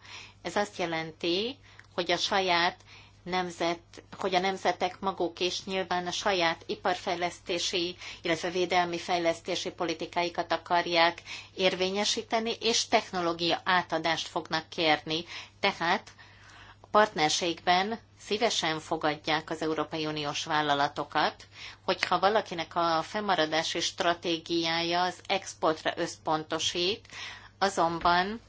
ez azt jelenti, hogy a saját nemzet, hogy a nemzetek maguk is nyilván a saját iparfejlesztési, illetve védelmi fejlesztési politikáikat akarják érvényesíteni, és technológia átadást fognak kérni. Tehát partnerségben szívesen fogadják az Európai Uniós vállalatokat, hogyha valakinek a fennmaradási stratégiája az exportra összpontosít, azonban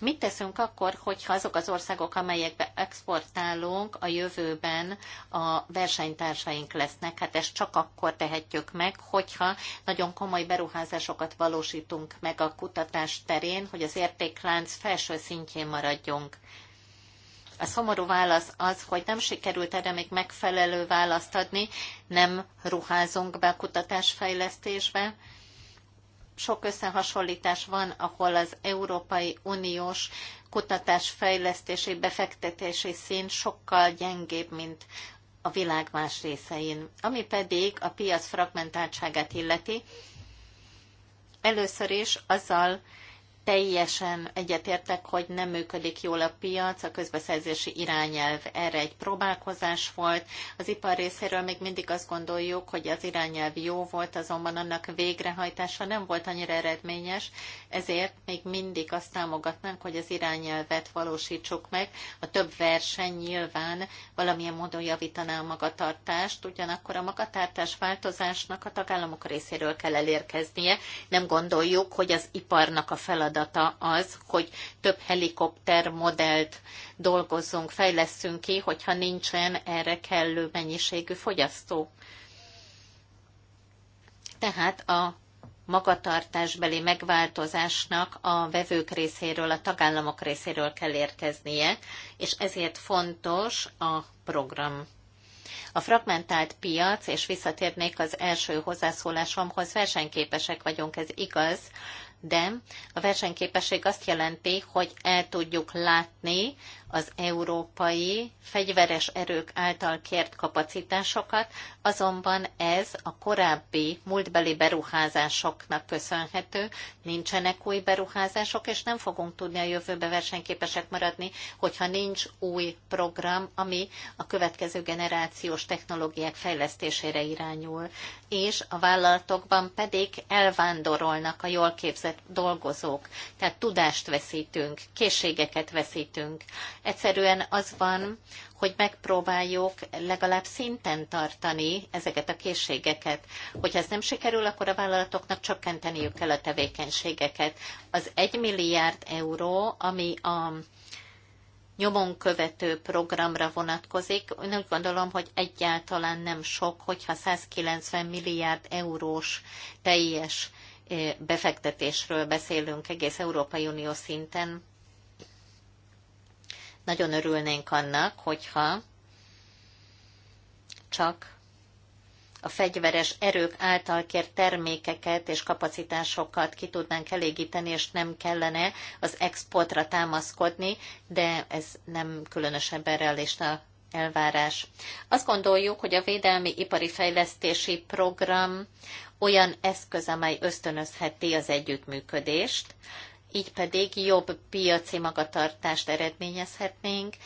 mit teszünk akkor, hogyha azok az országok, amelyekbe exportálunk, a jövőben a versenytársaink lesznek? Hát ezt csak akkor tehetjük meg, hogyha nagyon komoly beruházásokat valósítunk meg a kutatás terén, hogy az értéklánc felső szintjén maradjunk. A szomorú válasz az, hogy nem sikerült erre még megfelelő választ adni, nem ruházunk be a kutatásfejlesztésbe. Sok összehasonlítás van, ahol az Európai Uniós kutatásfejlesztési befektetési szint sokkal gyengébb, mint a világ más részein. Ami pedig a piac fragmentáltságát illeti, először is azzal teljesen egyetértek, hogy nem működik jól a piac, a közbeszerzési irányelv erre egy próbálkozás volt. Az ipar részéről még mindig azt gondoljuk, hogy az irányelv jó volt, azonban annak végrehajtása nem volt annyira eredményes, ezért még mindig azt támogatnánk, hogy az irányelvet valósítsuk meg. A több verseny nyilván valamilyen módon javítaná a magatartást, ugyanakkor a magatartás változásnak a tagállamok részéről kell elérkeznie. Nem gondoljuk, hogy az iparnak a feladat feladata az, hogy több helikopter modellt dolgozzunk, fejleszünk ki, hogyha nincsen erre kellő mennyiségű fogyasztó. Tehát a magatartásbeli megváltozásnak a vevők részéről, a tagállamok részéről kell érkeznie, és ezért fontos a program. A fragmentált piac, és visszatérnék az első hozzászólásomhoz, versenyképesek vagyunk, ez igaz, de a versenyképesség azt jelenti, hogy el tudjuk látni az európai fegyveres erők által kért kapacitásokat, azonban ez a korábbi múltbeli beruházásoknak köszönhető, nincsenek új beruházások, és nem fogunk tudni a jövőbe versenyképesek maradni, hogyha nincs új program, ami a következő generációs technológiák fejlesztésére irányul, és a vállalatokban pedig elvándorolnak a jól képzett dolgozók, tehát tudást veszítünk, készségeket veszítünk, Egyszerűen az van, hogy megpróbáljuk legalább szinten tartani ezeket a készségeket. Hogyha ez nem sikerül, akkor a vállalatoknak csökkenteniük kell a tevékenységeket. Az 1 milliárd euró, ami a nyomon követő programra vonatkozik. Én úgy gondolom, hogy egyáltalán nem sok, hogyha 190 milliárd eurós teljes eh, befektetésről beszélünk egész Európai Unió szinten. Nagyon örülnénk annak, hogyha csak a fegyveres erők által kért termékeket és kapacitásokat ki tudnánk elégíteni, és nem kellene az exportra támaszkodni, de ez nem különösebben realista elvárás. Azt gondoljuk, hogy a Védelmi Ipari Fejlesztési Program olyan eszköz, amely ösztönözheti az együttműködést, így pedig jobb piaci magatartást eredményezhetnénk,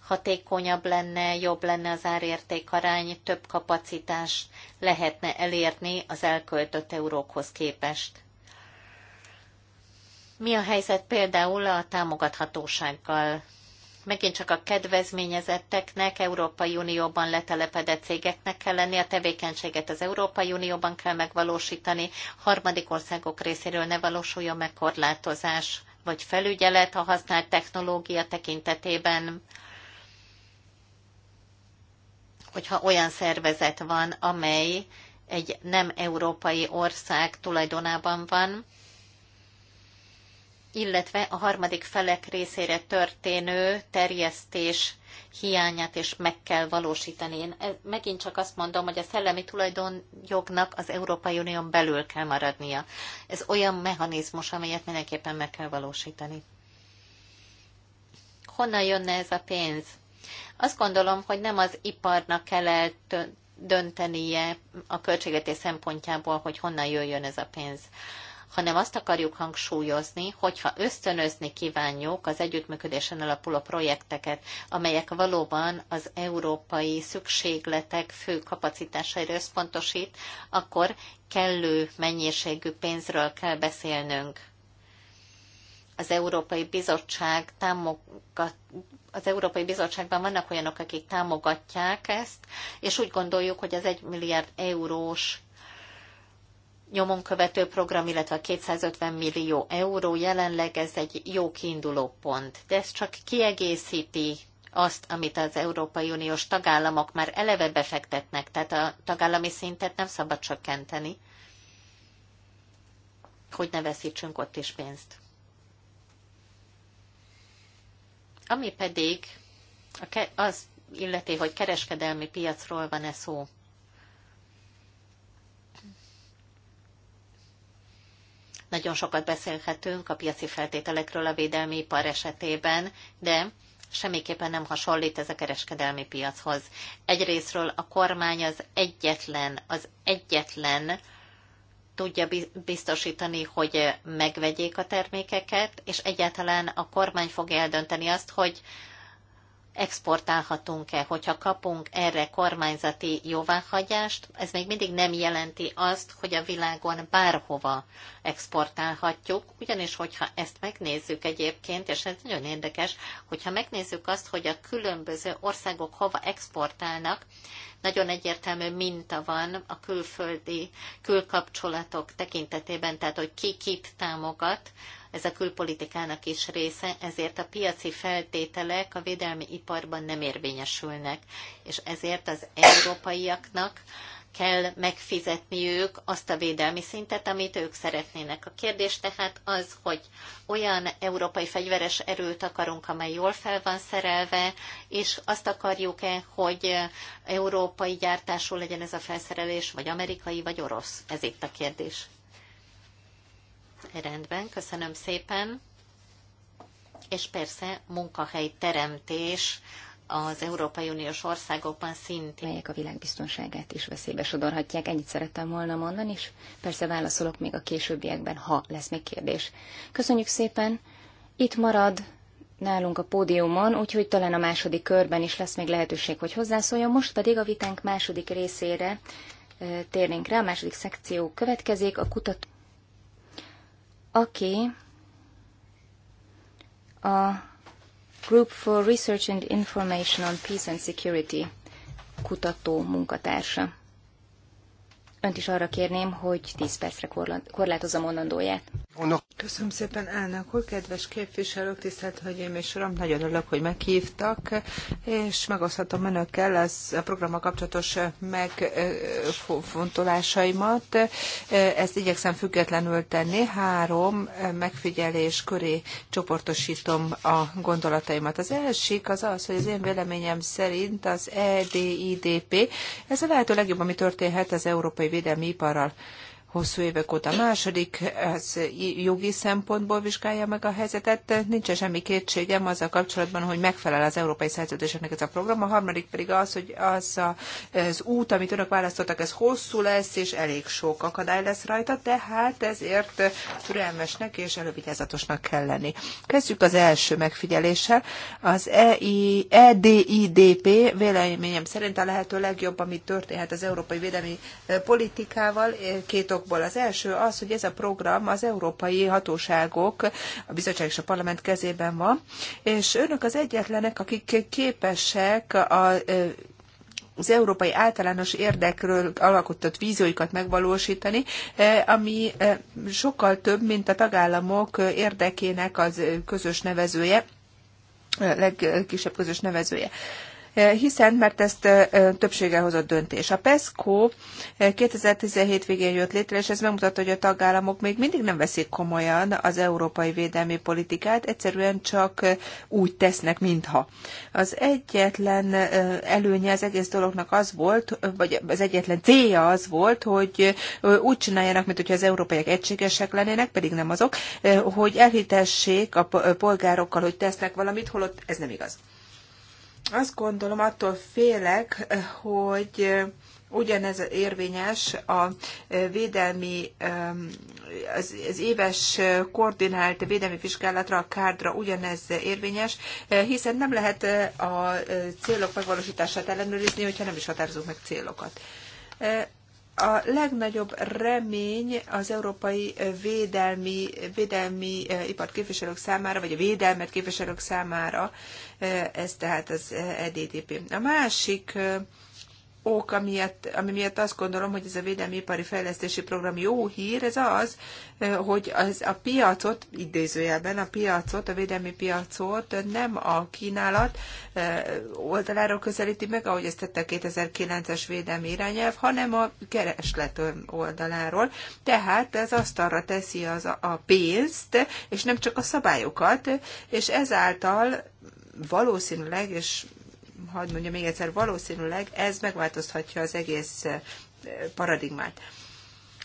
hatékonyabb lenne, jobb lenne az árértékarány, több kapacitás lehetne elérni az elköltött eurókhoz képest. Mi a helyzet például a támogathatósággal? megint csak a kedvezményezetteknek, Európai Unióban letelepedett cégeknek kell lenni, a tevékenységet az Európai Unióban kell megvalósítani, harmadik országok részéről ne valósuljon meg korlátozás vagy felügyelet a használt technológia tekintetében hogyha olyan szervezet van, amely egy nem európai ország tulajdonában van, illetve a harmadik felek részére történő terjesztés hiányát is meg kell valósítani. Én e- megint csak azt mondom, hogy a szellemi tulajdonjognak az Európai Unión belül kell maradnia. Ez olyan mechanizmus, amelyet mindenképpen meg kell valósítani. Honnan jönne ez a pénz? Azt gondolom, hogy nem az iparnak kell eldöntenie a költségvetés szempontjából, hogy honnan jöjjön ez a pénz hanem azt akarjuk hangsúlyozni, hogyha ösztönözni kívánjuk az együttműködésen alapuló projekteket, amelyek valóban az európai szükségletek fő kapacitásaira összpontosít, akkor kellő mennyiségű pénzről kell beszélnünk az Európai Bizottság támogat, az Európai Bizottságban vannak olyanok, akik támogatják ezt, és úgy gondoljuk, hogy az egy milliárd eurós nyomon követő program, illetve a 250 millió euró jelenleg ez egy jó kiinduló pont. De ez csak kiegészíti azt, amit az Európai Uniós tagállamok már eleve befektetnek, tehát a tagállami szintet nem szabad csökkenteni, hogy ne veszítsünk ott is pénzt. Ami pedig az illeti, hogy kereskedelmi piacról van-e szó. Nagyon sokat beszélhetünk a piaci feltételekről a védelmi ipar esetében, de semmiképpen nem hasonlít ez a kereskedelmi piachoz. Egyrésztről a kormány az egyetlen, az egyetlen tudja biztosítani, hogy megvegyék a termékeket, és egyáltalán a kormány fogja eldönteni azt, hogy exportálhatunk-e, hogyha kapunk erre kormányzati jóváhagyást, ez még mindig nem jelenti azt, hogy a világon bárhova exportálhatjuk, ugyanis hogyha ezt megnézzük egyébként, és ez nagyon érdekes, hogyha megnézzük azt, hogy a különböző országok hova exportálnak, nagyon egyértelmű minta van a külföldi külkapcsolatok tekintetében, tehát hogy ki kit támogat, ez a külpolitikának is része, ezért a piaci feltételek a védelmi iparban nem érvényesülnek, és ezért az európaiaknak kell megfizetniük azt a védelmi szintet, amit ők szeretnének. A kérdés tehát az, hogy olyan európai fegyveres erőt akarunk, amely jól fel van szerelve, és azt akarjuk-e, hogy európai gyártású legyen ez a felszerelés, vagy amerikai, vagy orosz? Ez itt a kérdés. Rendben, köszönöm szépen. És persze munkahely teremtés az Európai Uniós országokban szintén. Melyek a világbiztonságát is veszélybe sodorhatják. Ennyit szerettem volna mondani, és persze válaszolok még a későbbiekben, ha lesz még kérdés. Köszönjük szépen! Itt marad nálunk a pódiumon, úgyhogy talán a második körben is lesz még lehetőség, hogy hozzászóljon. Most pedig a vitánk második részére térnénk rá, a második szekció következik, a kutató, aki a Group for Research and Information on Peace and Security kutató munkatársa. Önt is arra kérném, hogy 10 percre korlátozza mondandóját. Köszönöm szépen, elnök úr, kedves képviselők, tisztelt hölgyeim és uram, nagyon örülök, hogy meghívtak, és megoszthatom önökkel az a programmal kapcsolatos megfontolásaimat. Ezt igyekszem függetlenül tenni. Három megfigyelés köré csoportosítom a gondolataimat. Az elsik az az, hogy az én véleményem szerint az EDIDP, ez a lehető legjobb, ami történhet az európai védelmi iparral hosszú évek óta. Második, az jogi szempontból vizsgálja meg a helyzetet. Nincs semmi kétségem azzal kapcsolatban, hogy megfelel az európai szerződéseknek ez a program. A harmadik pedig az, hogy az a, az út, amit önök választottak, ez hosszú lesz, és elég sok akadály lesz rajta, tehát ezért türelmesnek és elővigyázatosnak kell lenni. Kezdjük az első megfigyeléssel. Az EI, EDIDP véleményem szerint a lehető legjobb, amit történhet az európai védelmi politikával. Két okokból. Az első az, hogy ez a program az európai hatóságok, a bizottság és a parlament kezében van, és önök az egyetlenek, akik képesek a az európai általános érdekről alakított vízióikat megvalósítani, ami sokkal több, mint a tagállamok érdekének az közös nevezője legkisebb közös nevezője. Eh, hiszen, mert ezt eh, eh, többséggel hozott döntés. A PESCO 2017 végén jött létre, és ez megmutatta, hogy a tagállamok még mindig nem veszik komolyan az európai védelmi politikát, egyszerűen csak úgy tesznek, mintha. Az egyetlen előnye az egész dolognak az volt, vagy az egyetlen célja az volt, hogy úgy csináljanak, mint hogyha az európaiak egységesek lennének, pedig nem azok, hogy elhitessék a polgárokkal, hogy tesznek valamit, holott ez nem igaz azt gondolom, attól félek, hogy ugyanez érvényes a védelmi, az, éves koordinált védelmi vizsgálatra, a kárdra ugyanez érvényes, hiszen nem lehet a célok megvalósítását ellenőrizni, hogyha nem is határozunk meg célokat a legnagyobb remény az európai védelmi, védelmi e, ipart képviselők számára, vagy a védelmet képviselők számára, e, ez tehát az EDDP. E a másik ok, miatt, ami miatt azt gondolom, hogy ez a Védelmi Ipari Fejlesztési Program jó hír, ez az, hogy az a piacot, idézőjelben a piacot, a védelmi piacot nem a kínálat oldaláról közelíti meg, ahogy ezt tette a 2009-es védelmi irányelv, hanem a kereslet oldaláról. Tehát ez asztalra teszi az a pénzt, és nem csak a szabályokat, és ezáltal valószínűleg, és hadd mondjam még egyszer, valószínűleg ez megváltoztatja az egész eh, paradigmát.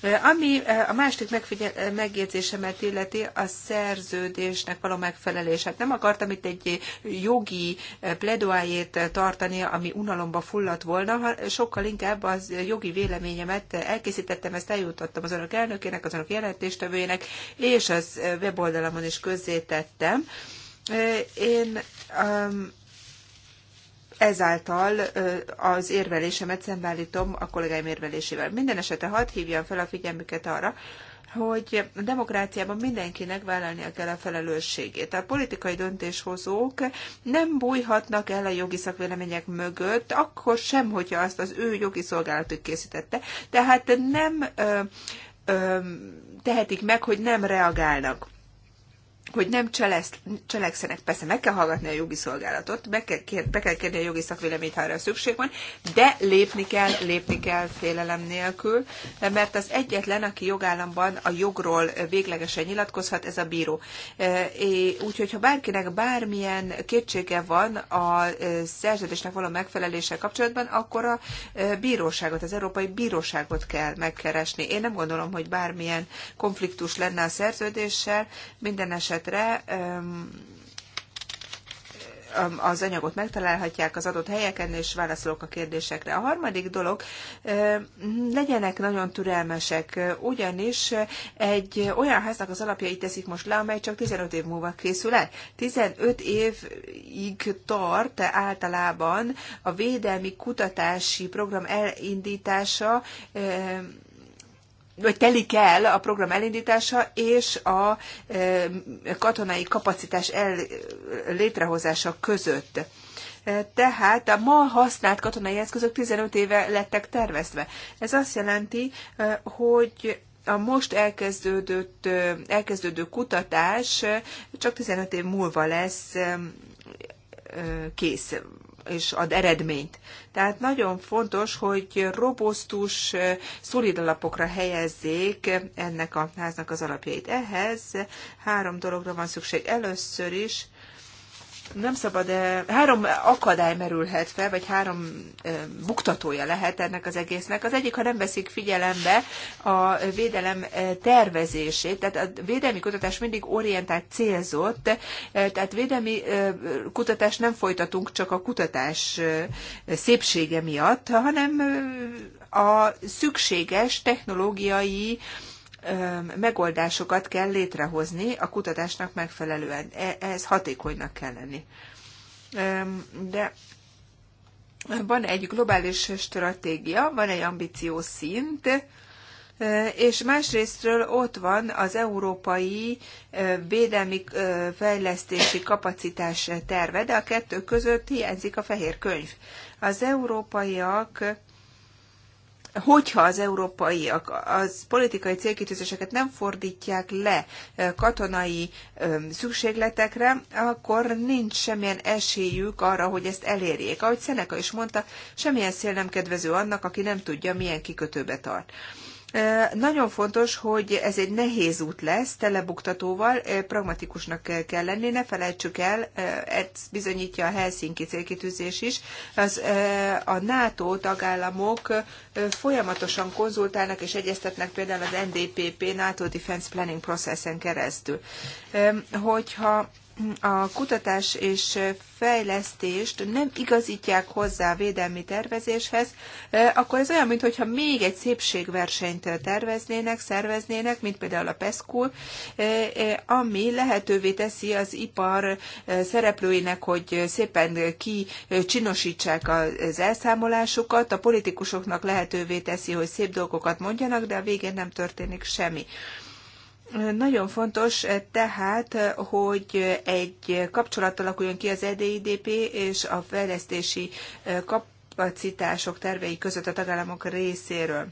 Eh, ami eh, a második megfigyel, megjegyzésemet illeti, a szerződésnek való megfelelés. Hát nem akartam itt egy jogi pledoájét tartani, ami unalomba fulladt volna, ha sokkal inkább az jogi véleményemet elkészítettem, ezt eljutottam az önök elnökének, az önök jelentéstevőjének, és az weboldalamon is közzétettem. Én um, ezáltal az érvelésemet szembeállítom a kollégáim érvelésével. Minden esetre hadd hívjam fel a figyelmüket arra, hogy a demokráciában mindenkinek vállalnia kell a felelősségét. A politikai döntéshozók nem bújhatnak el a jogi szakvélemények mögött, akkor sem, hogyha azt az ő jogi szolgálatuk készítette. Tehát nem ö, ö, tehetik meg, hogy nem reagálnak hogy nem cselesz, cselekszenek. Persze meg kell hallgatni a jogi szolgálatot, be kell, kér, be kell kérni a jogi szakvéleményt, ha erre szükség van, de lépni kell, lépni kell félelem nélkül, mert az egyetlen, aki jogállamban a jogról véglegesen nyilatkozhat, ez a bíró. E, úgyhogy, ha bárkinek bármilyen kétsége van a e, szerződésnek való megfelelése kapcsolatban, akkor a e, bíróságot, az Európai Bíróságot kell megkeresni. Én nem gondolom, hogy bármilyen konfliktus lenne a szerződéssel, minden eset esetre az anyagot megtalálhatják az adott helyeken, és válaszolok a kérdésekre. A harmadik dolog, legyenek nagyon türelmesek, ugyanis egy olyan háznak az alapjait teszik most le, amely csak 15 év múlva készül el. 15 évig tart általában a védelmi kutatási program elindítása, vagy telik el a program elindítása és a katonai kapacitás el, létrehozása között. Tehát a ma használt katonai eszközök 15 éve lettek tervezve. Ez azt jelenti, hogy a most elkezdődött, elkezdődő kutatás csak 15 év múlva lesz kész, és ad eredményt. Tehát nagyon fontos, hogy robosztus, eh, szolid alapokra helyezzék ennek a háznak az alapjait. Ehhez három dologra van szükség. Először is nem szabad, eh, három akadály merülhet fel, vagy három eh, buktatója lehet ennek az egésznek. Az egyik, ha nem veszik figyelembe a védelem eh, tervezését, tehát a védelmi kutatás mindig orientált célzott, tehát védelmi kutatást nem folytatunk csak a kutatás szépsége miatt, hanem a szükséges technológiai megoldásokat kell létrehozni a kutatásnak megfelelően. E, ehhez hatékonynak kell lenni. De van egy globális stratégia, van egy ambíció szint, és másrésztről ott van az európai védelmi fejlesztési kapacitás terve, de a kettő között hiányzik a fehér könyv. Az európaiak hogyha az európaiak az politikai célkitűzéseket nem fordítják le katonai szükségletekre, akkor nincs semmilyen esélyük arra, hogy ezt elérjék. Ahogy Szeneka is mondta, semmilyen szél nem kedvező annak, aki nem tudja, milyen kikötőbe tart. Nagyon fontos, hogy ez egy nehéz út lesz, telebuktatóval, pragmatikusnak kell lenni, ne felejtsük el, ez bizonyítja a Helsinki célkitűzés is, az, a NATO tagállamok folyamatosan konzultálnak és egyeztetnek például az NDPP, NATO Defense Planning Processen keresztül. Hogyha a kutatás és fejlesztést nem igazítják hozzá a védelmi tervezéshez, akkor ez olyan, mintha még egy szépségversenyt terveznének, szerveznének, mint például a PESCO, ami lehetővé teszi az ipar szereplőinek, hogy szépen kicsinosítsák az elszámolásukat, a politikusoknak lehetővé teszi, hogy szép dolgokat mondjanak, de a végén nem történik semmi. Nagyon fontos eh, tehát, eh, hogy egy kapcsolat alakuljon ki az EDIDP és a fejlesztési eh, kapacitások tervei között a tagállamok részéről.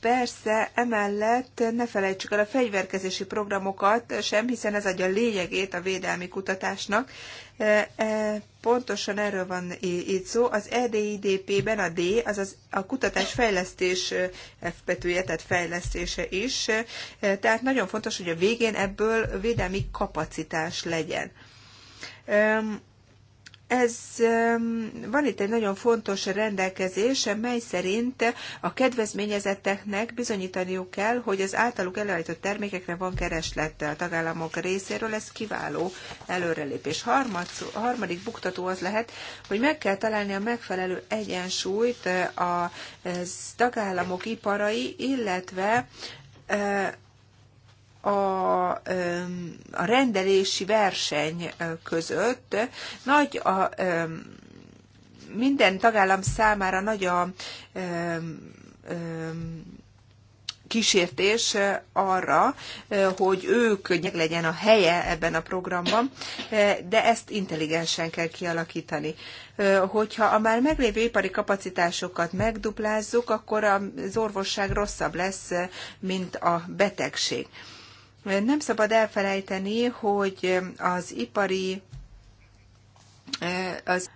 Persze, emellett ne felejtsük el a fegyverkezési programokat sem, hiszen ez adja lényegét a védelmi kutatásnak. E, pontosan erről van itt szó. Az EDIDP-ben a D, azaz a kutatás fejlesztés F betűje, tehát fejlesztése is. Tehát nagyon fontos, hogy a végén ebből védelmi kapacitás legyen ez van itt egy nagyon fontos rendelkezés, mely szerint a kedvezményezetteknek bizonyítaniuk kell, hogy az általuk előállított termékekre van kereslet a tagállamok részéről, ez kiváló előrelépés. Harmad, harmadik buktató az lehet, hogy meg kell találni a megfelelő egyensúlyt a tagállamok iparai, illetve a, a rendelési verseny között nagy a minden tagállam számára nagy a kísértés arra, hogy ők meg legyen a helye ebben a programban, de ezt intelligensen kell kialakítani. Hogyha a már meglévő ipari kapacitásokat megduplázzuk, akkor az orvosság rosszabb lesz, mint a betegség. Nem szabad elfelejteni, hogy az ipari az,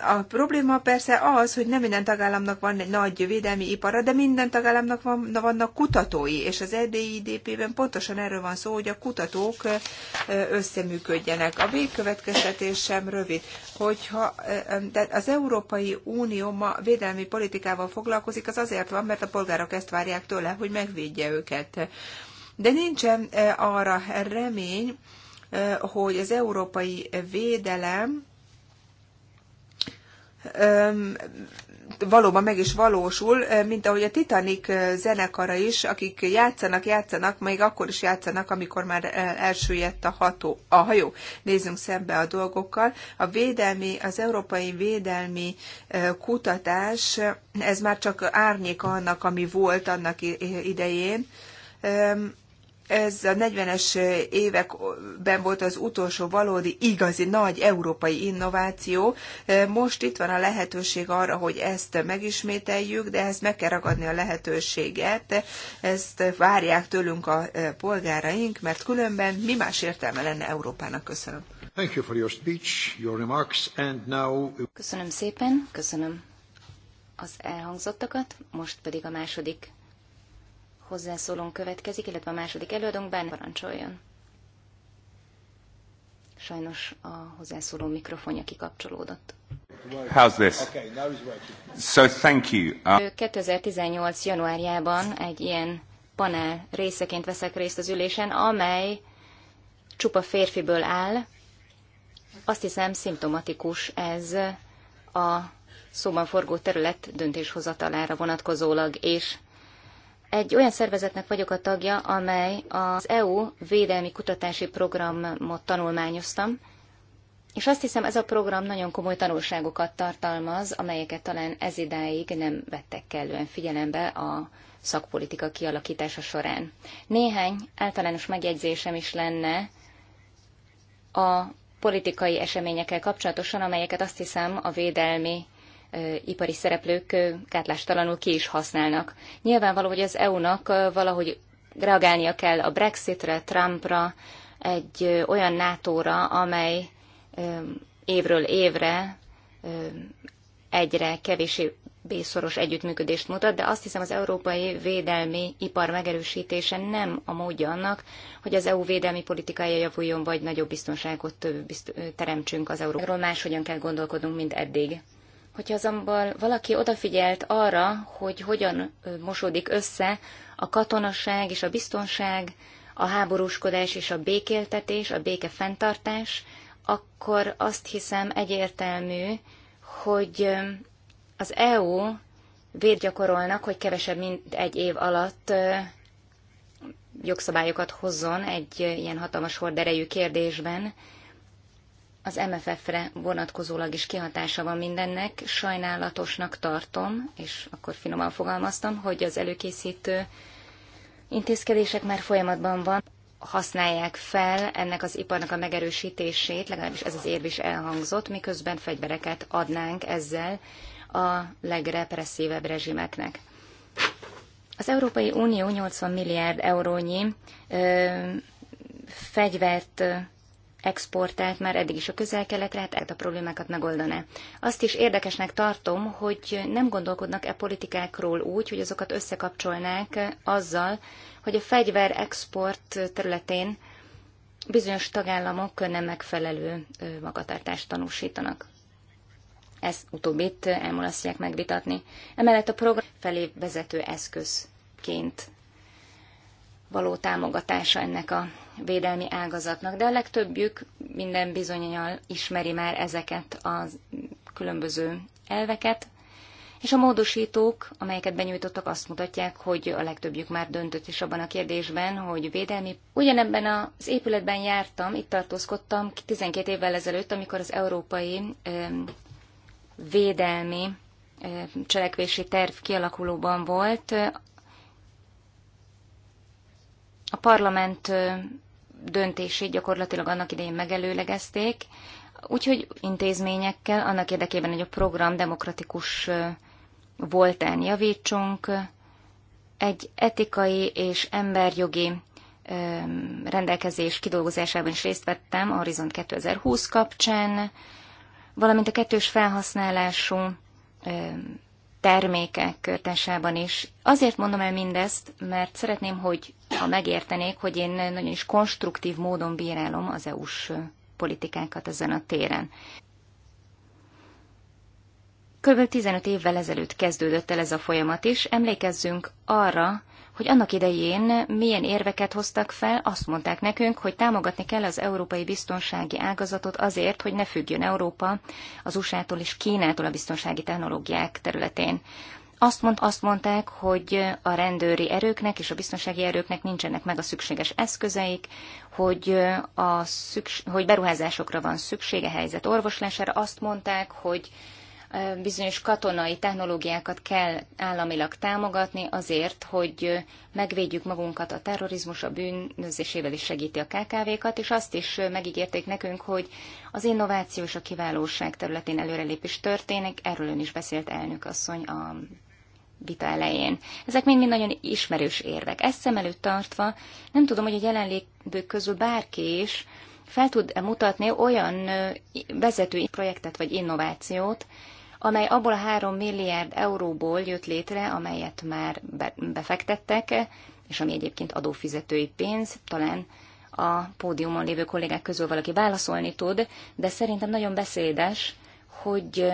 a probléma persze az, hogy nem minden tagállamnak van egy nagy védelmi ipara, de minden tagállamnak van, vannak kutatói, és az EDIDP-ben pontosan erről van szó, hogy a kutatók összeműködjenek. A végkövetkeztetés sem rövid, hogyha de az Európai Unió ma védelmi politikával foglalkozik, az azért van, mert a polgárok ezt várják tőle, hogy megvédje őket de nincsen e, arra remény, e, hogy az európai védelem e, valóban meg is valósul, mint ahogy a Titanic zenekara is, akik játszanak, játszanak, még akkor is játszanak, amikor már elsüllyedt a, ható, a hajó. Nézzünk szembe a dolgokkal. A védelmi, az európai védelmi kutatás, ez már csak árnyék annak, ami volt annak idején ez a 40-es években volt az utolsó valódi, igazi, nagy európai innováció. Most itt van a lehetőség arra, hogy ezt megismételjük, de ezt meg kell ragadni a lehetőséget. Ezt várják tőlünk a polgáraink, mert különben mi más értelme lenne Európának? Köszönöm. Thank you for your speech, your remarks, and now... Köszönöm szépen, köszönöm az elhangzottakat, most pedig a második Hozzászólón következik, illetve a második előadónk benne parancsoljon. Sajnos a hozzászóló mikrofonja kikapcsolódott. How's this? So thank you. Uh... 2018. januárjában egy ilyen panel részeként veszek részt az ülésen, amely csupa férfiből áll. Azt hiszem, szimptomatikus ez a szóban forgó terület döntéshozatalára vonatkozólag, és egy olyan szervezetnek vagyok a tagja, amely az EU védelmi kutatási programot tanulmányoztam, és azt hiszem ez a program nagyon komoly tanulságokat tartalmaz, amelyeket talán ez idáig nem vettek kellően figyelembe a szakpolitika kialakítása során. Néhány általános megjegyzésem is lenne a politikai eseményekkel kapcsolatosan, amelyeket azt hiszem a védelmi ipari szereplők gátlástalanul ki is használnak. Nyilvánvaló, hogy az EU-nak valahogy reagálnia kell a Brexitre, Trumpra, egy olyan NATO-ra, amely évről évre egyre kevésbé szoros együttműködést mutat, de azt hiszem az európai védelmi ipar megerősítése nem a módja annak, hogy az EU védelmi politikája javuljon, vagy nagyobb biztonságot teremtsünk az Európáról. Máshogyan kell gondolkodnunk, mint eddig. Hogyha azonban valaki odafigyelt arra, hogy hogyan mosódik össze a katonaság és a biztonság, a háborúskodás és a békéltetés, a béke fenntartás, akkor azt hiszem egyértelmű, hogy az EU véd gyakorolnak, hogy kevesebb mint egy év alatt jogszabályokat hozzon egy ilyen hatalmas horderejű kérdésben, az MFF-re vonatkozólag is kihatása van mindennek. Sajnálatosnak tartom, és akkor finoman fogalmaztam, hogy az előkészítő intézkedések már folyamatban van. Használják fel ennek az iparnak a megerősítését, legalábbis ez az érv is elhangzott, miközben fegyvereket adnánk ezzel a legrepresszívebb rezsimeknek. Az Európai Unió 80 milliárd eurónyi ö, fegyvert exportált már eddig is a közel-keletre, hát ezeket a problémákat megoldaná. Azt is érdekesnek tartom, hogy nem gondolkodnak-e politikákról úgy, hogy azokat összekapcsolnák azzal, hogy a fegyver export területén bizonyos tagállamok nem megfelelő magatartást tanúsítanak. Ezt utóbbit elmulasztják megvitatni. Emellett a program felé vezető eszközként való támogatása ennek a védelmi ágazatnak, de a legtöbbjük minden bizonyal ismeri már ezeket a különböző elveket, és a módosítók, amelyeket benyújtottak, azt mutatják, hogy a legtöbbjük már döntött is abban a kérdésben, hogy védelmi. Ugyanebben az épületben jártam, itt tartózkodtam 12 évvel ezelőtt, amikor az európai védelmi cselekvési terv kialakulóban volt a parlament döntését gyakorlatilag annak idején megelőlegezték, úgyhogy intézményekkel annak érdekében, hogy a program demokratikus voltán javítsunk, egy etikai és emberjogi rendelkezés kidolgozásában is részt vettem a Horizont 2020 kapcsán, valamint a kettős felhasználású termékek társában is. Azért mondom el mindezt, mert szeretném, hogy ha megértenék, hogy én nagyon is konstruktív módon bírálom az EU-s politikákat ezen a téren. Körülbelül 15 évvel ezelőtt kezdődött el ez a folyamat is. Emlékezzünk arra, hogy annak idején milyen érveket hoztak fel, azt mondták nekünk, hogy támogatni kell az európai biztonsági ágazatot azért, hogy ne függjön Európa az USA-tól és Kínától a biztonsági technológiák területén. Azt, mond, azt mondták, hogy a rendőri erőknek és a biztonsági erőknek nincsenek meg a szükséges eszközeik, hogy, a szükség, hogy beruházásokra van szüksége, helyzet orvoslására. Azt mondták, hogy bizonyos katonai technológiákat kell államilag támogatni azért, hogy megvédjük magunkat a terrorizmus, a bűnözésével is segíti a KKV-kat, és azt is megígérték nekünk, hogy az innováció és a kiválóság területén előrelépés történik, erről ön is beszélt elnök asszony a vita elején. Ezek mind-mind nagyon ismerős érvek. Ezt szem előtt tartva nem tudom, hogy a jelenlévők közül bárki is fel tud -e mutatni olyan vezetői projektet vagy innovációt, amely abból a 3 milliárd euróból jött létre, amelyet már befektettek, és ami egyébként adófizetői pénz, talán a pódiumon lévő kollégák közül valaki válaszolni tud, de szerintem nagyon beszédes, hogy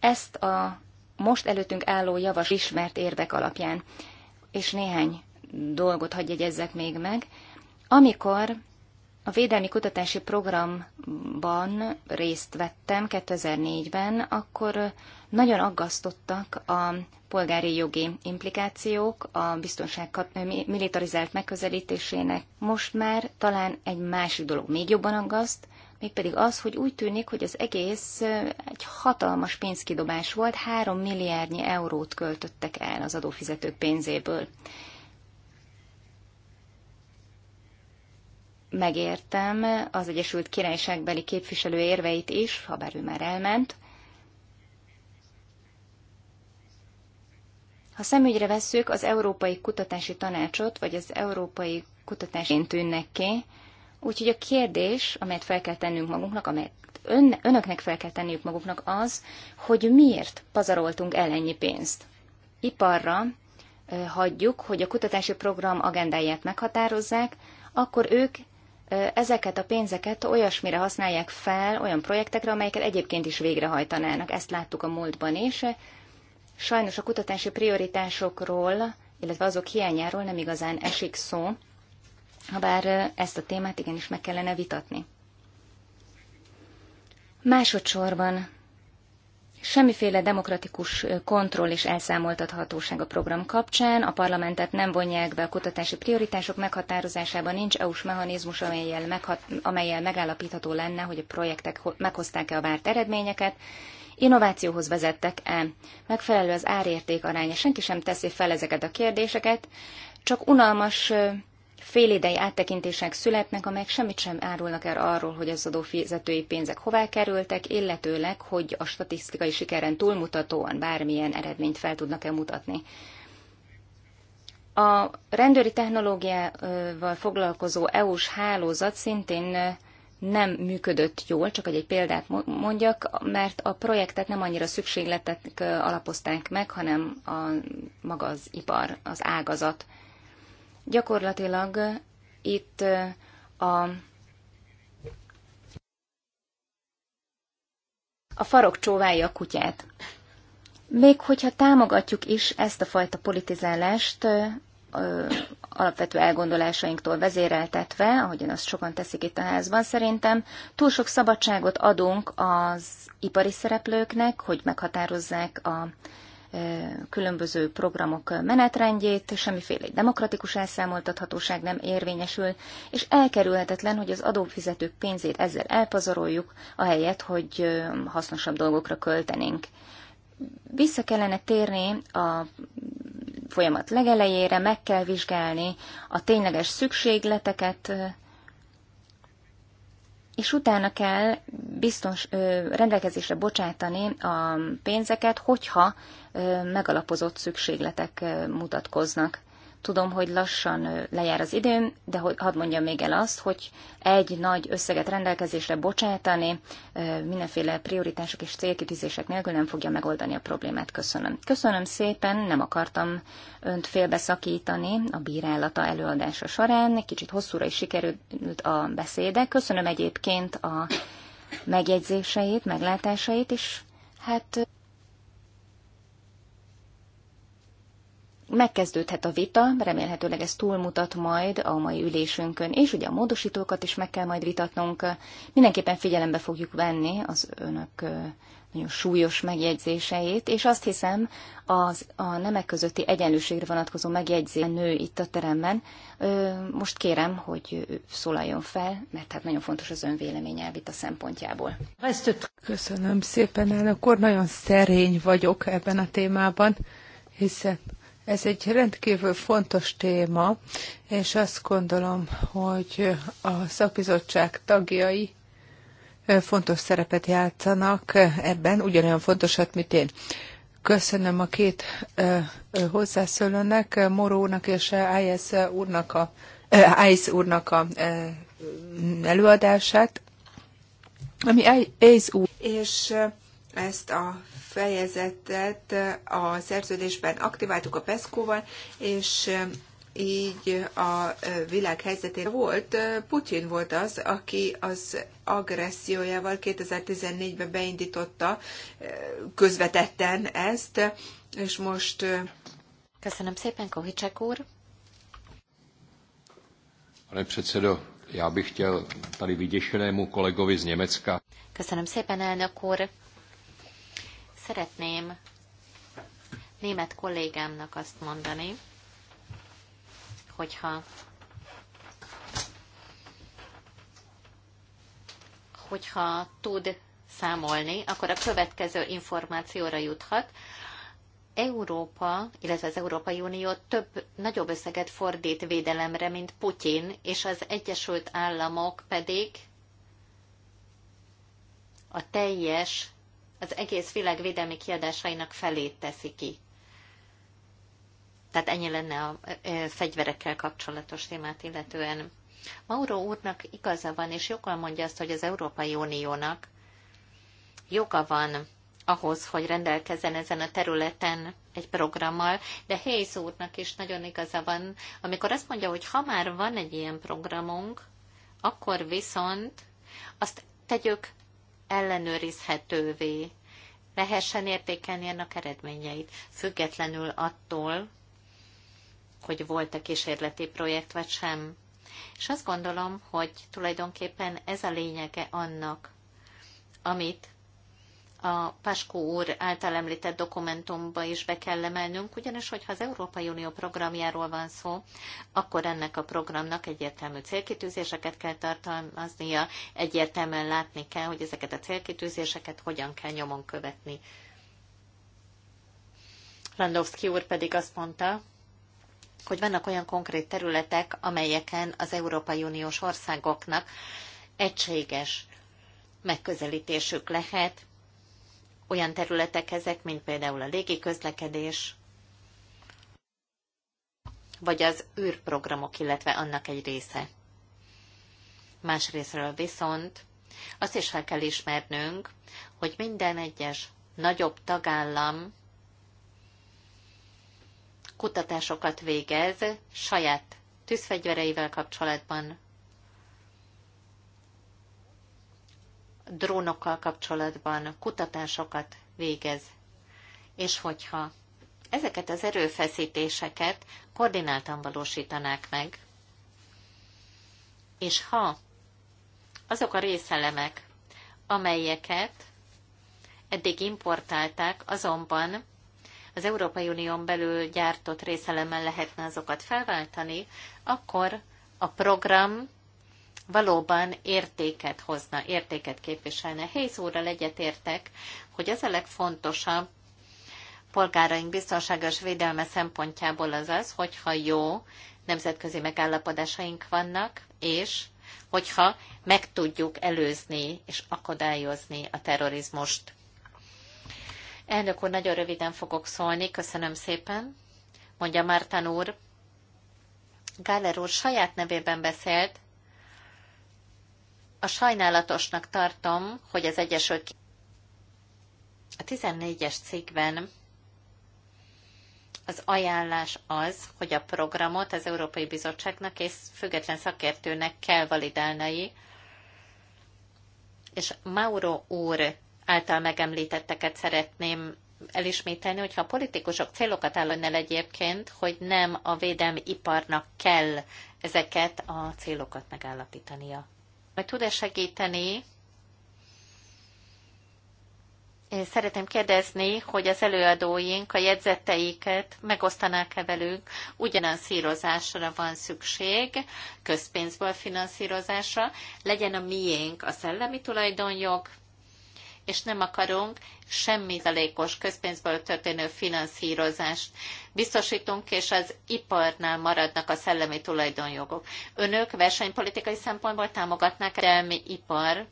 ezt a most előttünk álló javas ismert érvek alapján, és néhány dolgot hagyj jegyezzek még meg, amikor a Védelmi Kutatási Programban részt vettem 2004-ben, akkor nagyon aggasztottak a polgári jogi implikációk a biztonság militarizált megközelítésének. Most már talán egy másik dolog még jobban aggaszt, mégpedig az, hogy úgy tűnik, hogy az egész egy hatalmas pénzkidobás volt, Három milliárdnyi eurót költöttek el az adófizetők pénzéből. megértem az Egyesült Királyságbeli képviselő érveit is, ha bár ő már elment. Ha szemügyre vesszük az Európai Kutatási Tanácsot, vagy az Európai Kutatási tűnnek ki, úgyhogy a kérdés, amelyet fel kell tennünk magunknak, amelyet ön, önöknek fel kell tenniük maguknak az, hogy miért pazaroltunk el ennyi pénzt. Iparra hagyjuk, hogy a kutatási program agendáját meghatározzák, akkor ők ezeket a pénzeket olyasmire használják fel, olyan projektekre, amelyeket egyébként is végrehajtanának. Ezt láttuk a múltban is. Sajnos a kutatási prioritásokról, illetve azok hiányáról nem igazán esik szó, habár ezt a témát igenis meg kellene vitatni. Másodszorban Semmiféle demokratikus kontroll és elszámoltathatóság a program kapcsán, a parlamentet nem vonják be a kutatási prioritások meghatározásában, nincs EU-s mechanizmus, amelyel, meghat- amelyel megállapítható lenne, hogy a projektek meghozták-e a várt eredményeket, innovációhoz vezettek-e, megfelelő az árérték aránya, senki sem teszi fel ezeket a kérdéseket, csak unalmas félidei áttekintések születnek, amelyek semmit sem árulnak el arról, hogy az adófizetői pénzek hová kerültek, illetőleg, hogy a statisztikai sikeren túlmutatóan bármilyen eredményt fel tudnak-e mutatni. A rendőri technológiával foglalkozó EU-s hálózat szintén nem működött jól, csak hogy egy példát mondjak, mert a projektet nem annyira szükségletek alapozták meg, hanem a maga az ipar, az ágazat. Gyakorlatilag itt a a farok csóválja a kutyát. Még hogyha támogatjuk is ezt a fajta politizálást, alapvető elgondolásainktól vezéreltetve, ahogyan azt sokan teszik itt a házban, szerintem túl sok szabadságot adunk az ipari szereplőknek, hogy meghatározzák a különböző programok menetrendjét, semmiféle demokratikus elszámoltathatóság nem érvényesül, és elkerülhetetlen, hogy az adófizetők pénzét ezzel elpazaroljuk, ahelyett, hogy hasznosabb dolgokra költenénk. Vissza kellene térni a folyamat legelejére, meg kell vizsgálni a tényleges szükségleteket, és utána kell biztos ö, rendelkezésre bocsátani a pénzeket, hogyha ö, megalapozott szükségletek ö, mutatkoznak. Tudom, hogy lassan lejár az időm, de hadd mondjam még el azt, hogy egy nagy összeget rendelkezésre bocsátani mindenféle prioritások és célkitűzések nélkül nem fogja megoldani a problémát. Köszönöm. Köszönöm szépen, nem akartam önt félbeszakítani a bírálata előadása során. Kicsit hosszúra is sikerült a beszéde. Köszönöm egyébként a megjegyzéseit, meglátásait is. Hát megkezdődhet a vita, remélhetőleg ez túlmutat majd a mai ülésünkön, és ugye a módosítókat is meg kell majd vitatnunk. Mindenképpen figyelembe fogjuk venni az önök nagyon súlyos megjegyzéseit, és azt hiszem, az, a nemek közötti egyenlőségre vonatkozó megjegyzés nő itt a teremben. Most kérem, hogy szólaljon fel, mert hát nagyon fontos az ön véleménye a szempontjából. Köszönöm szépen, elnök úr, nagyon szerény vagyok ebben a témában, hiszen ez egy rendkívül fontos téma, és azt gondolom, hogy a szakbizottság tagjai fontos szerepet játszanak ebben, ugyanolyan fontosat, mint én. Köszönöm a két hozzászólónak, Morónak és IS úrnak a, Ájsz úrnak a előadását, ami Ájsz úr. És ezt a fejezetet a szerződésben aktiváltuk a PESCO-val, és eh, így a eh, világ helyzetére volt. Eh, Putyin volt az, aki az agressziójával 2014-ben beindította közvetetten ezt, és most... Köszönöm szépen, Kohicsek úr! předsedo, já bych chtěl tady vyděšenému kolegovi z Německa. Köszönöm szépen, elnök úr! Szeretném német kollégámnak azt mondani, hogyha hogyha tud számolni, akkor a következő információra juthat. Európa, illetve az Európai Unió több nagyobb összeget fordít védelemre, mint Putyin, és az Egyesült Államok pedig a teljes az egész világ védelmi kiadásainak felét teszi ki. Tehát ennyi lenne a fegyverekkel kapcsolatos témát illetően. Mauro úrnak igaza van, és joggal mondja azt, hogy az Európai Uniónak joga van ahhoz, hogy rendelkezzen ezen a területen egy programmal, de Hayes úrnak is nagyon igaza van, amikor azt mondja, hogy ha már van egy ilyen programunk, akkor viszont azt tegyük ellenőrizhetővé lehessen értékelni ennek eredményeit, függetlenül attól, hogy volt-e kísérleti projekt vagy sem. És azt gondolom, hogy tulajdonképpen ez a lényege annak, amit a Paskó úr által említett dokumentumba is be kell emelnünk, ugyanis hogyha az Európai Unió programjáról van szó, akkor ennek a programnak egyértelmű célkitűzéseket kell tartalmaznia, egyértelműen látni kell, hogy ezeket a célkitűzéseket hogyan kell nyomon követni. Landowski úr pedig azt mondta, hogy vannak olyan konkrét területek, amelyeken az Európai Uniós országoknak egységes megközelítésük lehet, olyan területek ezek, mint például a légiközlekedés, vagy az űrprogramok, illetve annak egy része. Másrésztről viszont azt is fel kell ismernünk, hogy minden egyes nagyobb tagállam kutatásokat végez saját tűzfegyvereivel kapcsolatban, drónokkal kapcsolatban kutatásokat végez. És hogyha ezeket az erőfeszítéseket koordináltan valósítanák meg, és ha azok a részelemek, amelyeket eddig importálták, azonban az Európai Unión belül gyártott részelemmel lehetne azokat felváltani, akkor a program valóban értéket hozna, értéket képviselne. Hész legyet egyetértek, hogy az a legfontosabb polgáraink biztonságos védelme szempontjából az az, hogyha jó nemzetközi megállapodásaink vannak, és hogyha meg tudjuk előzni és akadályozni a terrorizmust. Elnök úr, nagyon röviden fogok szólni, köszönöm szépen, mondja Mártán úr. Gáler úr saját nevében beszélt, a sajnálatosnak tartom, hogy az Egyesült a 14-es cikkben az ajánlás az, hogy a programot az Európai Bizottságnak és független szakértőnek kell validálnai, és Mauro úr által megemlítetteket szeretném elismételni, hogyha a politikusok célokat állonnál egyébként, hogy nem a védelmi iparnak kell ezeket a célokat megállapítania. Meg tud-e segíteni? Én szeretném kérdezni, hogy az előadóink a jegyzeteiket megosztanák-e velünk, szírozásra van szükség, közpénzből finanszírozásra, legyen a miénk a szellemi tulajdonjog, és nem akarunk semmi zalékos közpénzből történő finanszírozást. Biztosítunk, és az iparnál maradnak a szellemi tulajdonjogok. Önök versenypolitikai szempontból támogatnák a ipar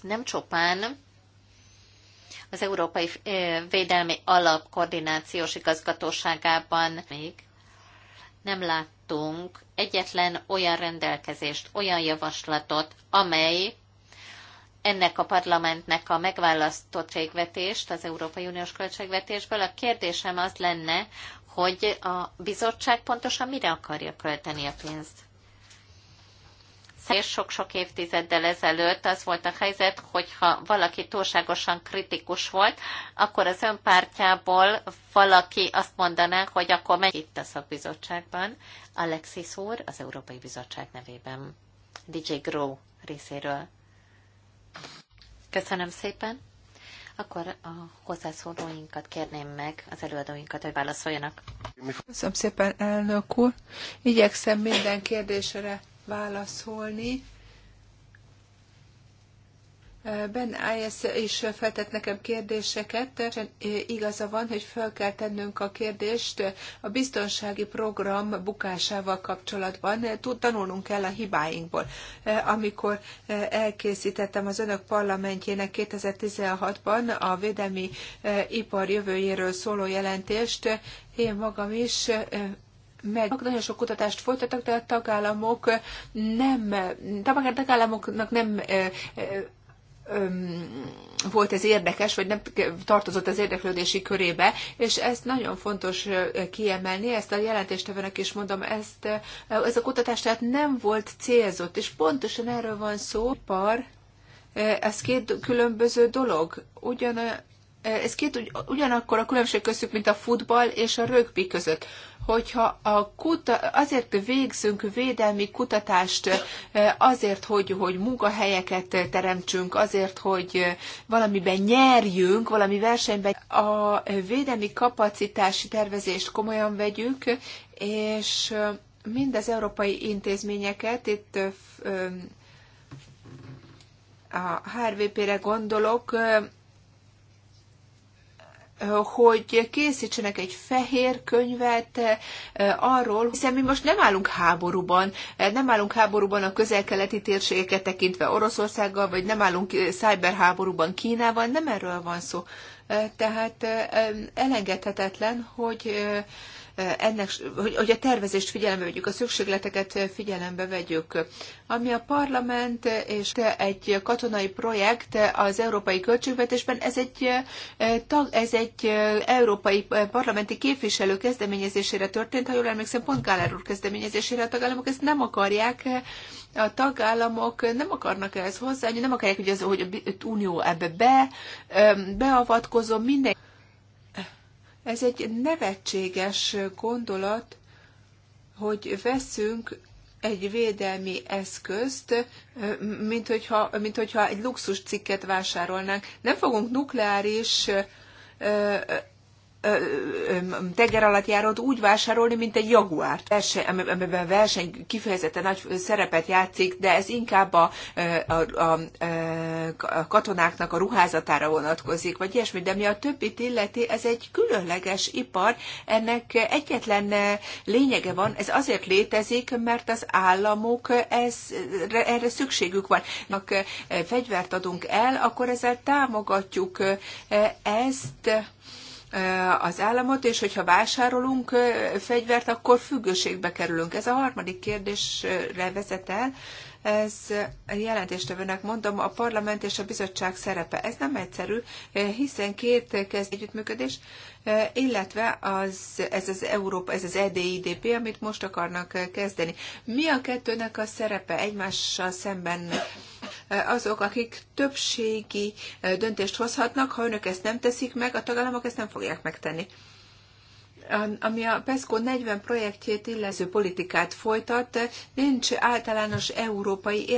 nem csupán az Európai Védelmi Alap koordinációs igazgatóságában még nem láttunk egyetlen olyan rendelkezést, olyan javaslatot, amely ennek a parlamentnek a megválasztott végvetést az Európai Uniós költségvetésből. A kérdésem az lenne, hogy a bizottság pontosan mire akarja költeni a pénzt. És sok-sok évtizeddel ezelőtt az volt a helyzet, hogyha valaki túlságosan kritikus volt, akkor az pártjából valaki azt mondaná, hogy akkor megy itt a szakbizottságban. Alexis úr az Európai Bizottság nevében. DJ Grow részéről. Köszönöm szépen. Akkor a hozzászólóinkat kérném meg, az előadóinkat, hogy válaszoljanak. Köszönöm szépen, elnök úr. Igyekszem minden kérdésre válaszolni. Ben Ayes is feltett nekem kérdéseket. Igaza van, hogy fel kell tennünk a kérdést a biztonsági program bukásával kapcsolatban. Tanulnunk kell a hibáinkból. Amikor elkészítettem az önök parlamentjének 2016-ban a védelmi ipar jövőjéről szóló jelentést, én magam is meg nagyon sok kutatást folytattak, de a tagállamok nem, tagállamoknak nem volt ez érdekes, vagy nem tartozott az érdeklődési körébe, és ezt nagyon fontos kiemelni, ezt a jelentéstevőnek is mondom, ezt, ez a kutatás tehát nem volt célzott, és pontosan erről van szó, par, ez két különböző dolog. Ugyan, ez két ugyanakkor a különbség köztük, mint a futball és a rögbi között hogyha a kuta, azért végzünk védelmi kutatást, azért, hogy, hogy munkahelyeket teremtsünk, azért, hogy valamiben nyerjünk, valami versenyben a védelmi kapacitási tervezést komolyan vegyük, és mind az európai intézményeket, itt a HRVP-re gondolok, hogy készítsenek egy fehér könyvet eh, arról, hiszen mi most nem állunk háborúban, eh, nem állunk háborúban a közel-keleti térségeket tekintve Oroszországgal, vagy nem állunk eh, szájberháborúban Kínával, nem erről van szó. Tehát elengedhetetlen, hogy ennek, hogy a tervezést figyelembe vegyük, a szükségleteket figyelembe vegyük. Ami a parlament és egy katonai projekt az európai költségvetésben, ez egy, eh, ez egy eh, európai eh, parlamenti képviselő kezdeményezésére történt, ha jól emlékszem, pont Gáler úr kezdeményezésére a tagállamok ezt nem akarják, a tagállamok nem akarnak ehhez hozzá, nem akarják, hogy az, hogy a Unió ebbe be, beavatkozom, minden ez egy nevetséges gondolat, hogy veszünk egy védelmi eszközt, mint hogyha, mint hogyha egy luxus cikket vásárolnánk. Nem fogunk nukleáris teger alatt járót úgy vásárolni, mint egy jaguárt, verseny, amiben verseny kifejezetten nagy szerepet játszik, de ez inkább a, a, a, a katonáknak a ruházatára vonatkozik, vagy ilyesmi, de mi a többit illeti, ez egy különleges ipar, ennek egyetlen lényege van, ez azért létezik, mert az államok ez, erre szükségük van. Eh, fegyvert adunk el, akkor ezzel támogatjuk eh, ezt, eh, az államot, és hogyha vásárolunk fegyvert, akkor függőségbe kerülünk. Ez a harmadik kérdésre vezet el, ez jelentéstevőnek mondom, a parlament és a bizottság szerepe. Ez nem egyszerű, hiszen két kezd együttműködés, illetve az, ez az Európa, ez az EDIDP, amit most akarnak kezdeni. Mi a kettőnek a szerepe egymással szemben? azok, akik többségi döntést hozhatnak, ha önök ezt nem teszik meg, a tagállamok ezt nem fogják megtenni ami a PESCO 40 projektjét illező politikát folytat, nincs általános európai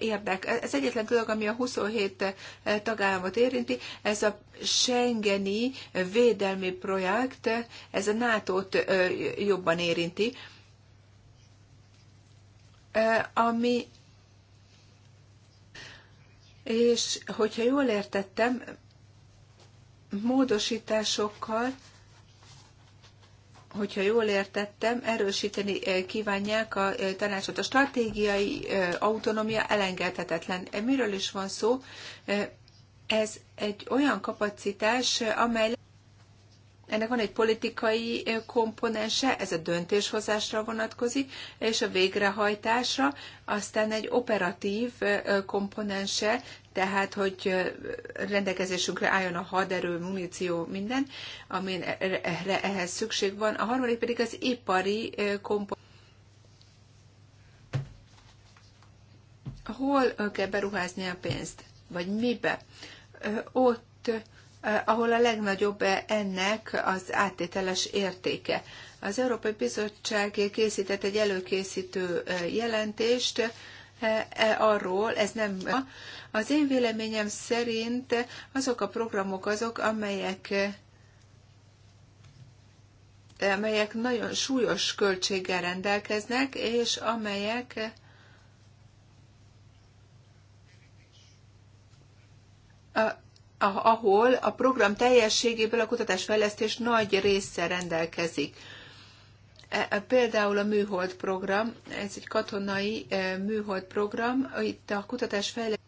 érdek. Ez egyetlen dolog, ami a 27 eh, tagállamot érinti, ez a Schengeni védelmi projekt, ez a NATO-t eh, jobban érinti, eh, ami és hogyha jól értettem, módosításokkal hogyha jól értettem, erősíteni eh, kívánják a eh, tanácsot. A stratégiai eh, autonómia elengedhetetlen. Miről is van szó? Ez egy olyan kapacitás, amely ennek van egy politikai komponense, ez a döntéshozásra vonatkozik, és a végrehajtásra, aztán egy operatív komponense, tehát hogy rendelkezésünkre álljon a haderő, muníció, minden, amire e-, e-, ehhez szükség van. A harmadik pedig az ipari komponens. Hol kell beruházni a pénzt? Vagy mibe? Ott, ahol a legnagyobb ennek az áttételes értéke. Az Európai Bizottság készített egy előkészítő jelentést, E arról, ez nem. Az én véleményem szerint azok a programok azok, amelyek amelyek nagyon súlyos költséggel rendelkeznek, és amelyek a, ahol a program teljességéből a kutatásfejlesztés nagy része rendelkezik. E, e, például a műhold program, ez egy katonai e, műhold program, itt a kutatás fejlesztés.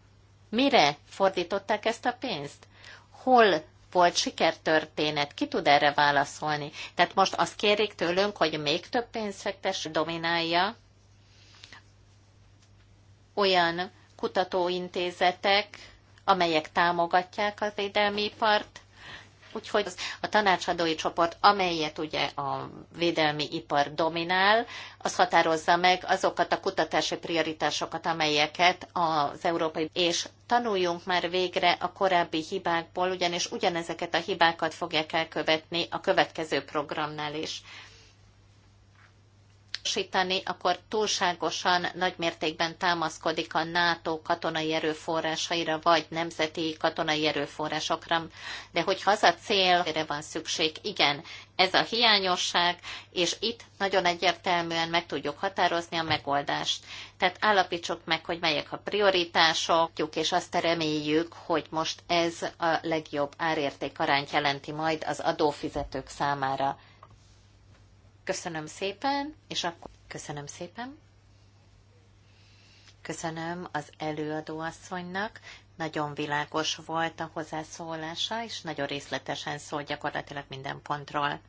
Mire fordították ezt a pénzt? Hol volt sikertörténet? Ki tud erre válaszolni? Tehát most azt kérik tőlünk, hogy még több pénzfektes dominálja olyan kutatóintézetek, amelyek támogatják a védelmi part. Úgyhogy az, a tanácsadói csoport, amelyet ugye a védelmi ipar dominál, az határozza meg azokat a kutatási prioritásokat, amelyeket az európai és tanuljunk már végre a korábbi hibákból, ugyanis ugyanezeket a hibákat fogják elkövetni a következő programnál is biztosítani, akkor túlságosan nagymértékben támaszkodik a NATO katonai erőforrásaira, vagy nemzeti katonai erőforrásokra. De hogyha az a cél, erre van szükség, igen, ez a hiányosság, és itt nagyon egyértelműen meg tudjuk határozni a megoldást. Tehát állapítsuk meg, hogy melyek a prioritások, és azt reméljük, hogy most ez a legjobb árérték arányt jelenti majd az adófizetők számára. Köszönöm szépen, és akkor köszönöm szépen. Köszönöm az előadóasszonynak, nagyon világos volt a hozzászólása, és nagyon részletesen szól gyakorlatilag minden pontról.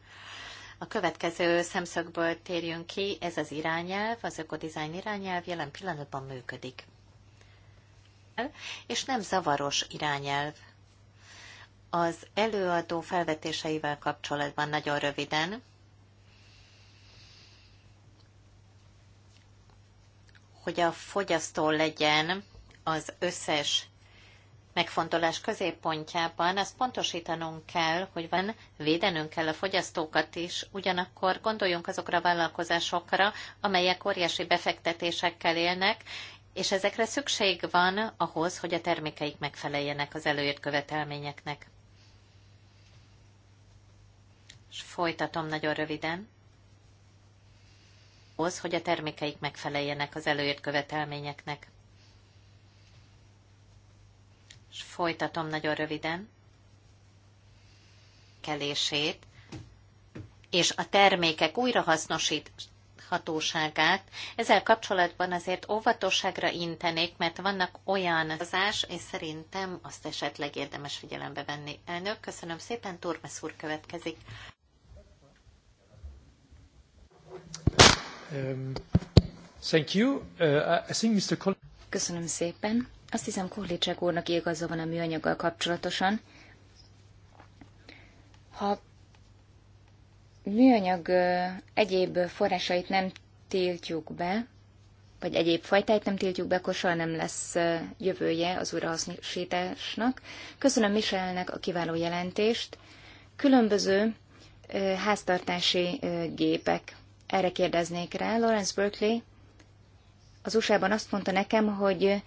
A következő szemszögből térjünk ki, ez az irányelv, az ökodizájn irányelv jelen pillanatban működik. És nem zavaros irányelv. Az előadó felvetéseivel kapcsolatban nagyon röviden, hogy a fogyasztó legyen az összes megfontolás középpontjában, azt pontosítanunk kell, hogy van, védenünk kell a fogyasztókat is, ugyanakkor gondoljunk azokra a vállalkozásokra, amelyek óriási befektetésekkel élnek, és ezekre szükség van ahhoz, hogy a termékeik megfeleljenek az előírt követelményeknek. És folytatom nagyon röviden ahhoz, hogy a termékeik megfeleljenek az előírt követelményeknek. És folytatom nagyon röviden kelését, és a termékek újrahasznosíthatóságát. Ezzel kapcsolatban azért óvatosságra intenék, mert vannak olyan azás, és szerintem azt esetleg érdemes figyelembe venni. Elnök, köszönöm szépen, Turmes úr következik. Um, uh, Köszönöm szépen. Azt hiszem, Kohlicsek úrnak igaza van a műanyaggal kapcsolatosan. Ha műanyag egyéb forrásait nem tiltjuk be, vagy egyéb fajtáit nem tiltjuk be, akkor soha nem lesz jövője az újrahasznosításnak. Köszönöm Michelnek a kiváló jelentést. Különböző háztartási gépek erre kérdeznék rá. Lawrence Berkeley az USA-ban azt mondta nekem, hogy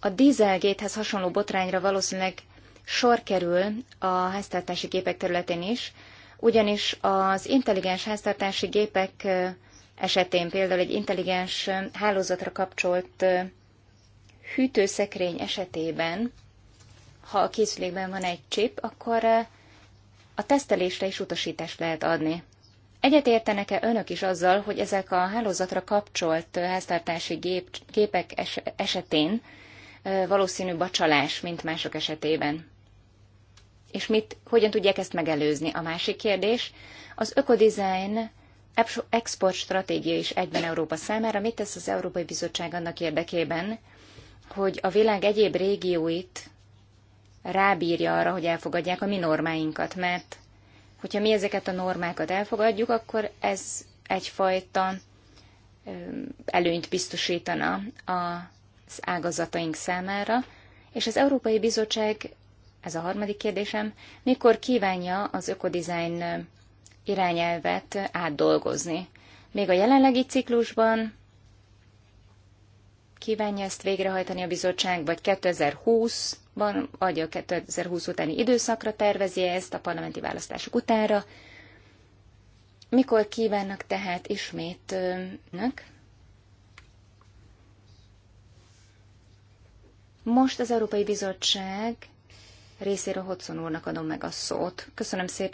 a dieselgéthez hasonló botrányra valószínűleg sor kerül a háztartási gépek területén is, ugyanis az intelligens háztartási gépek esetén például egy intelligens hálózatra kapcsolt hűtőszekrény esetében, ha a készülékben van egy chip, akkor a tesztelésre is utasítást lehet adni. Egyetértenek-e önök is azzal, hogy ezek a hálózatra kapcsolt háztartási gép, képek es, esetén valószínűbb a csalás, mint mások esetében? És mit, hogyan tudják ezt megelőzni? A másik kérdés, az ökodizájn export stratégia is egyben Európa számára. Mit tesz az Európai Bizottság annak érdekében, hogy a világ egyéb régióit rábírja arra, hogy elfogadják a mi normáinkat, mert Hogyha mi ezeket a normákat elfogadjuk, akkor ez egyfajta előnyt biztosítana az ágazataink számára, és az Európai Bizottság, ez a harmadik kérdésem, mikor kívánja az ökodizájn irányelvet átdolgozni? Még a jelenlegi ciklusban, kívánja ezt végrehajtani a bizottság, vagy 2020-ban, vagy a 2020 utáni időszakra tervezi -e ezt a parlamenti választások utánra. Mikor kívánnak tehát ismét önök? Most az Európai Bizottság részéről Hodson úrnak adom meg a szót. Köszönöm szépen.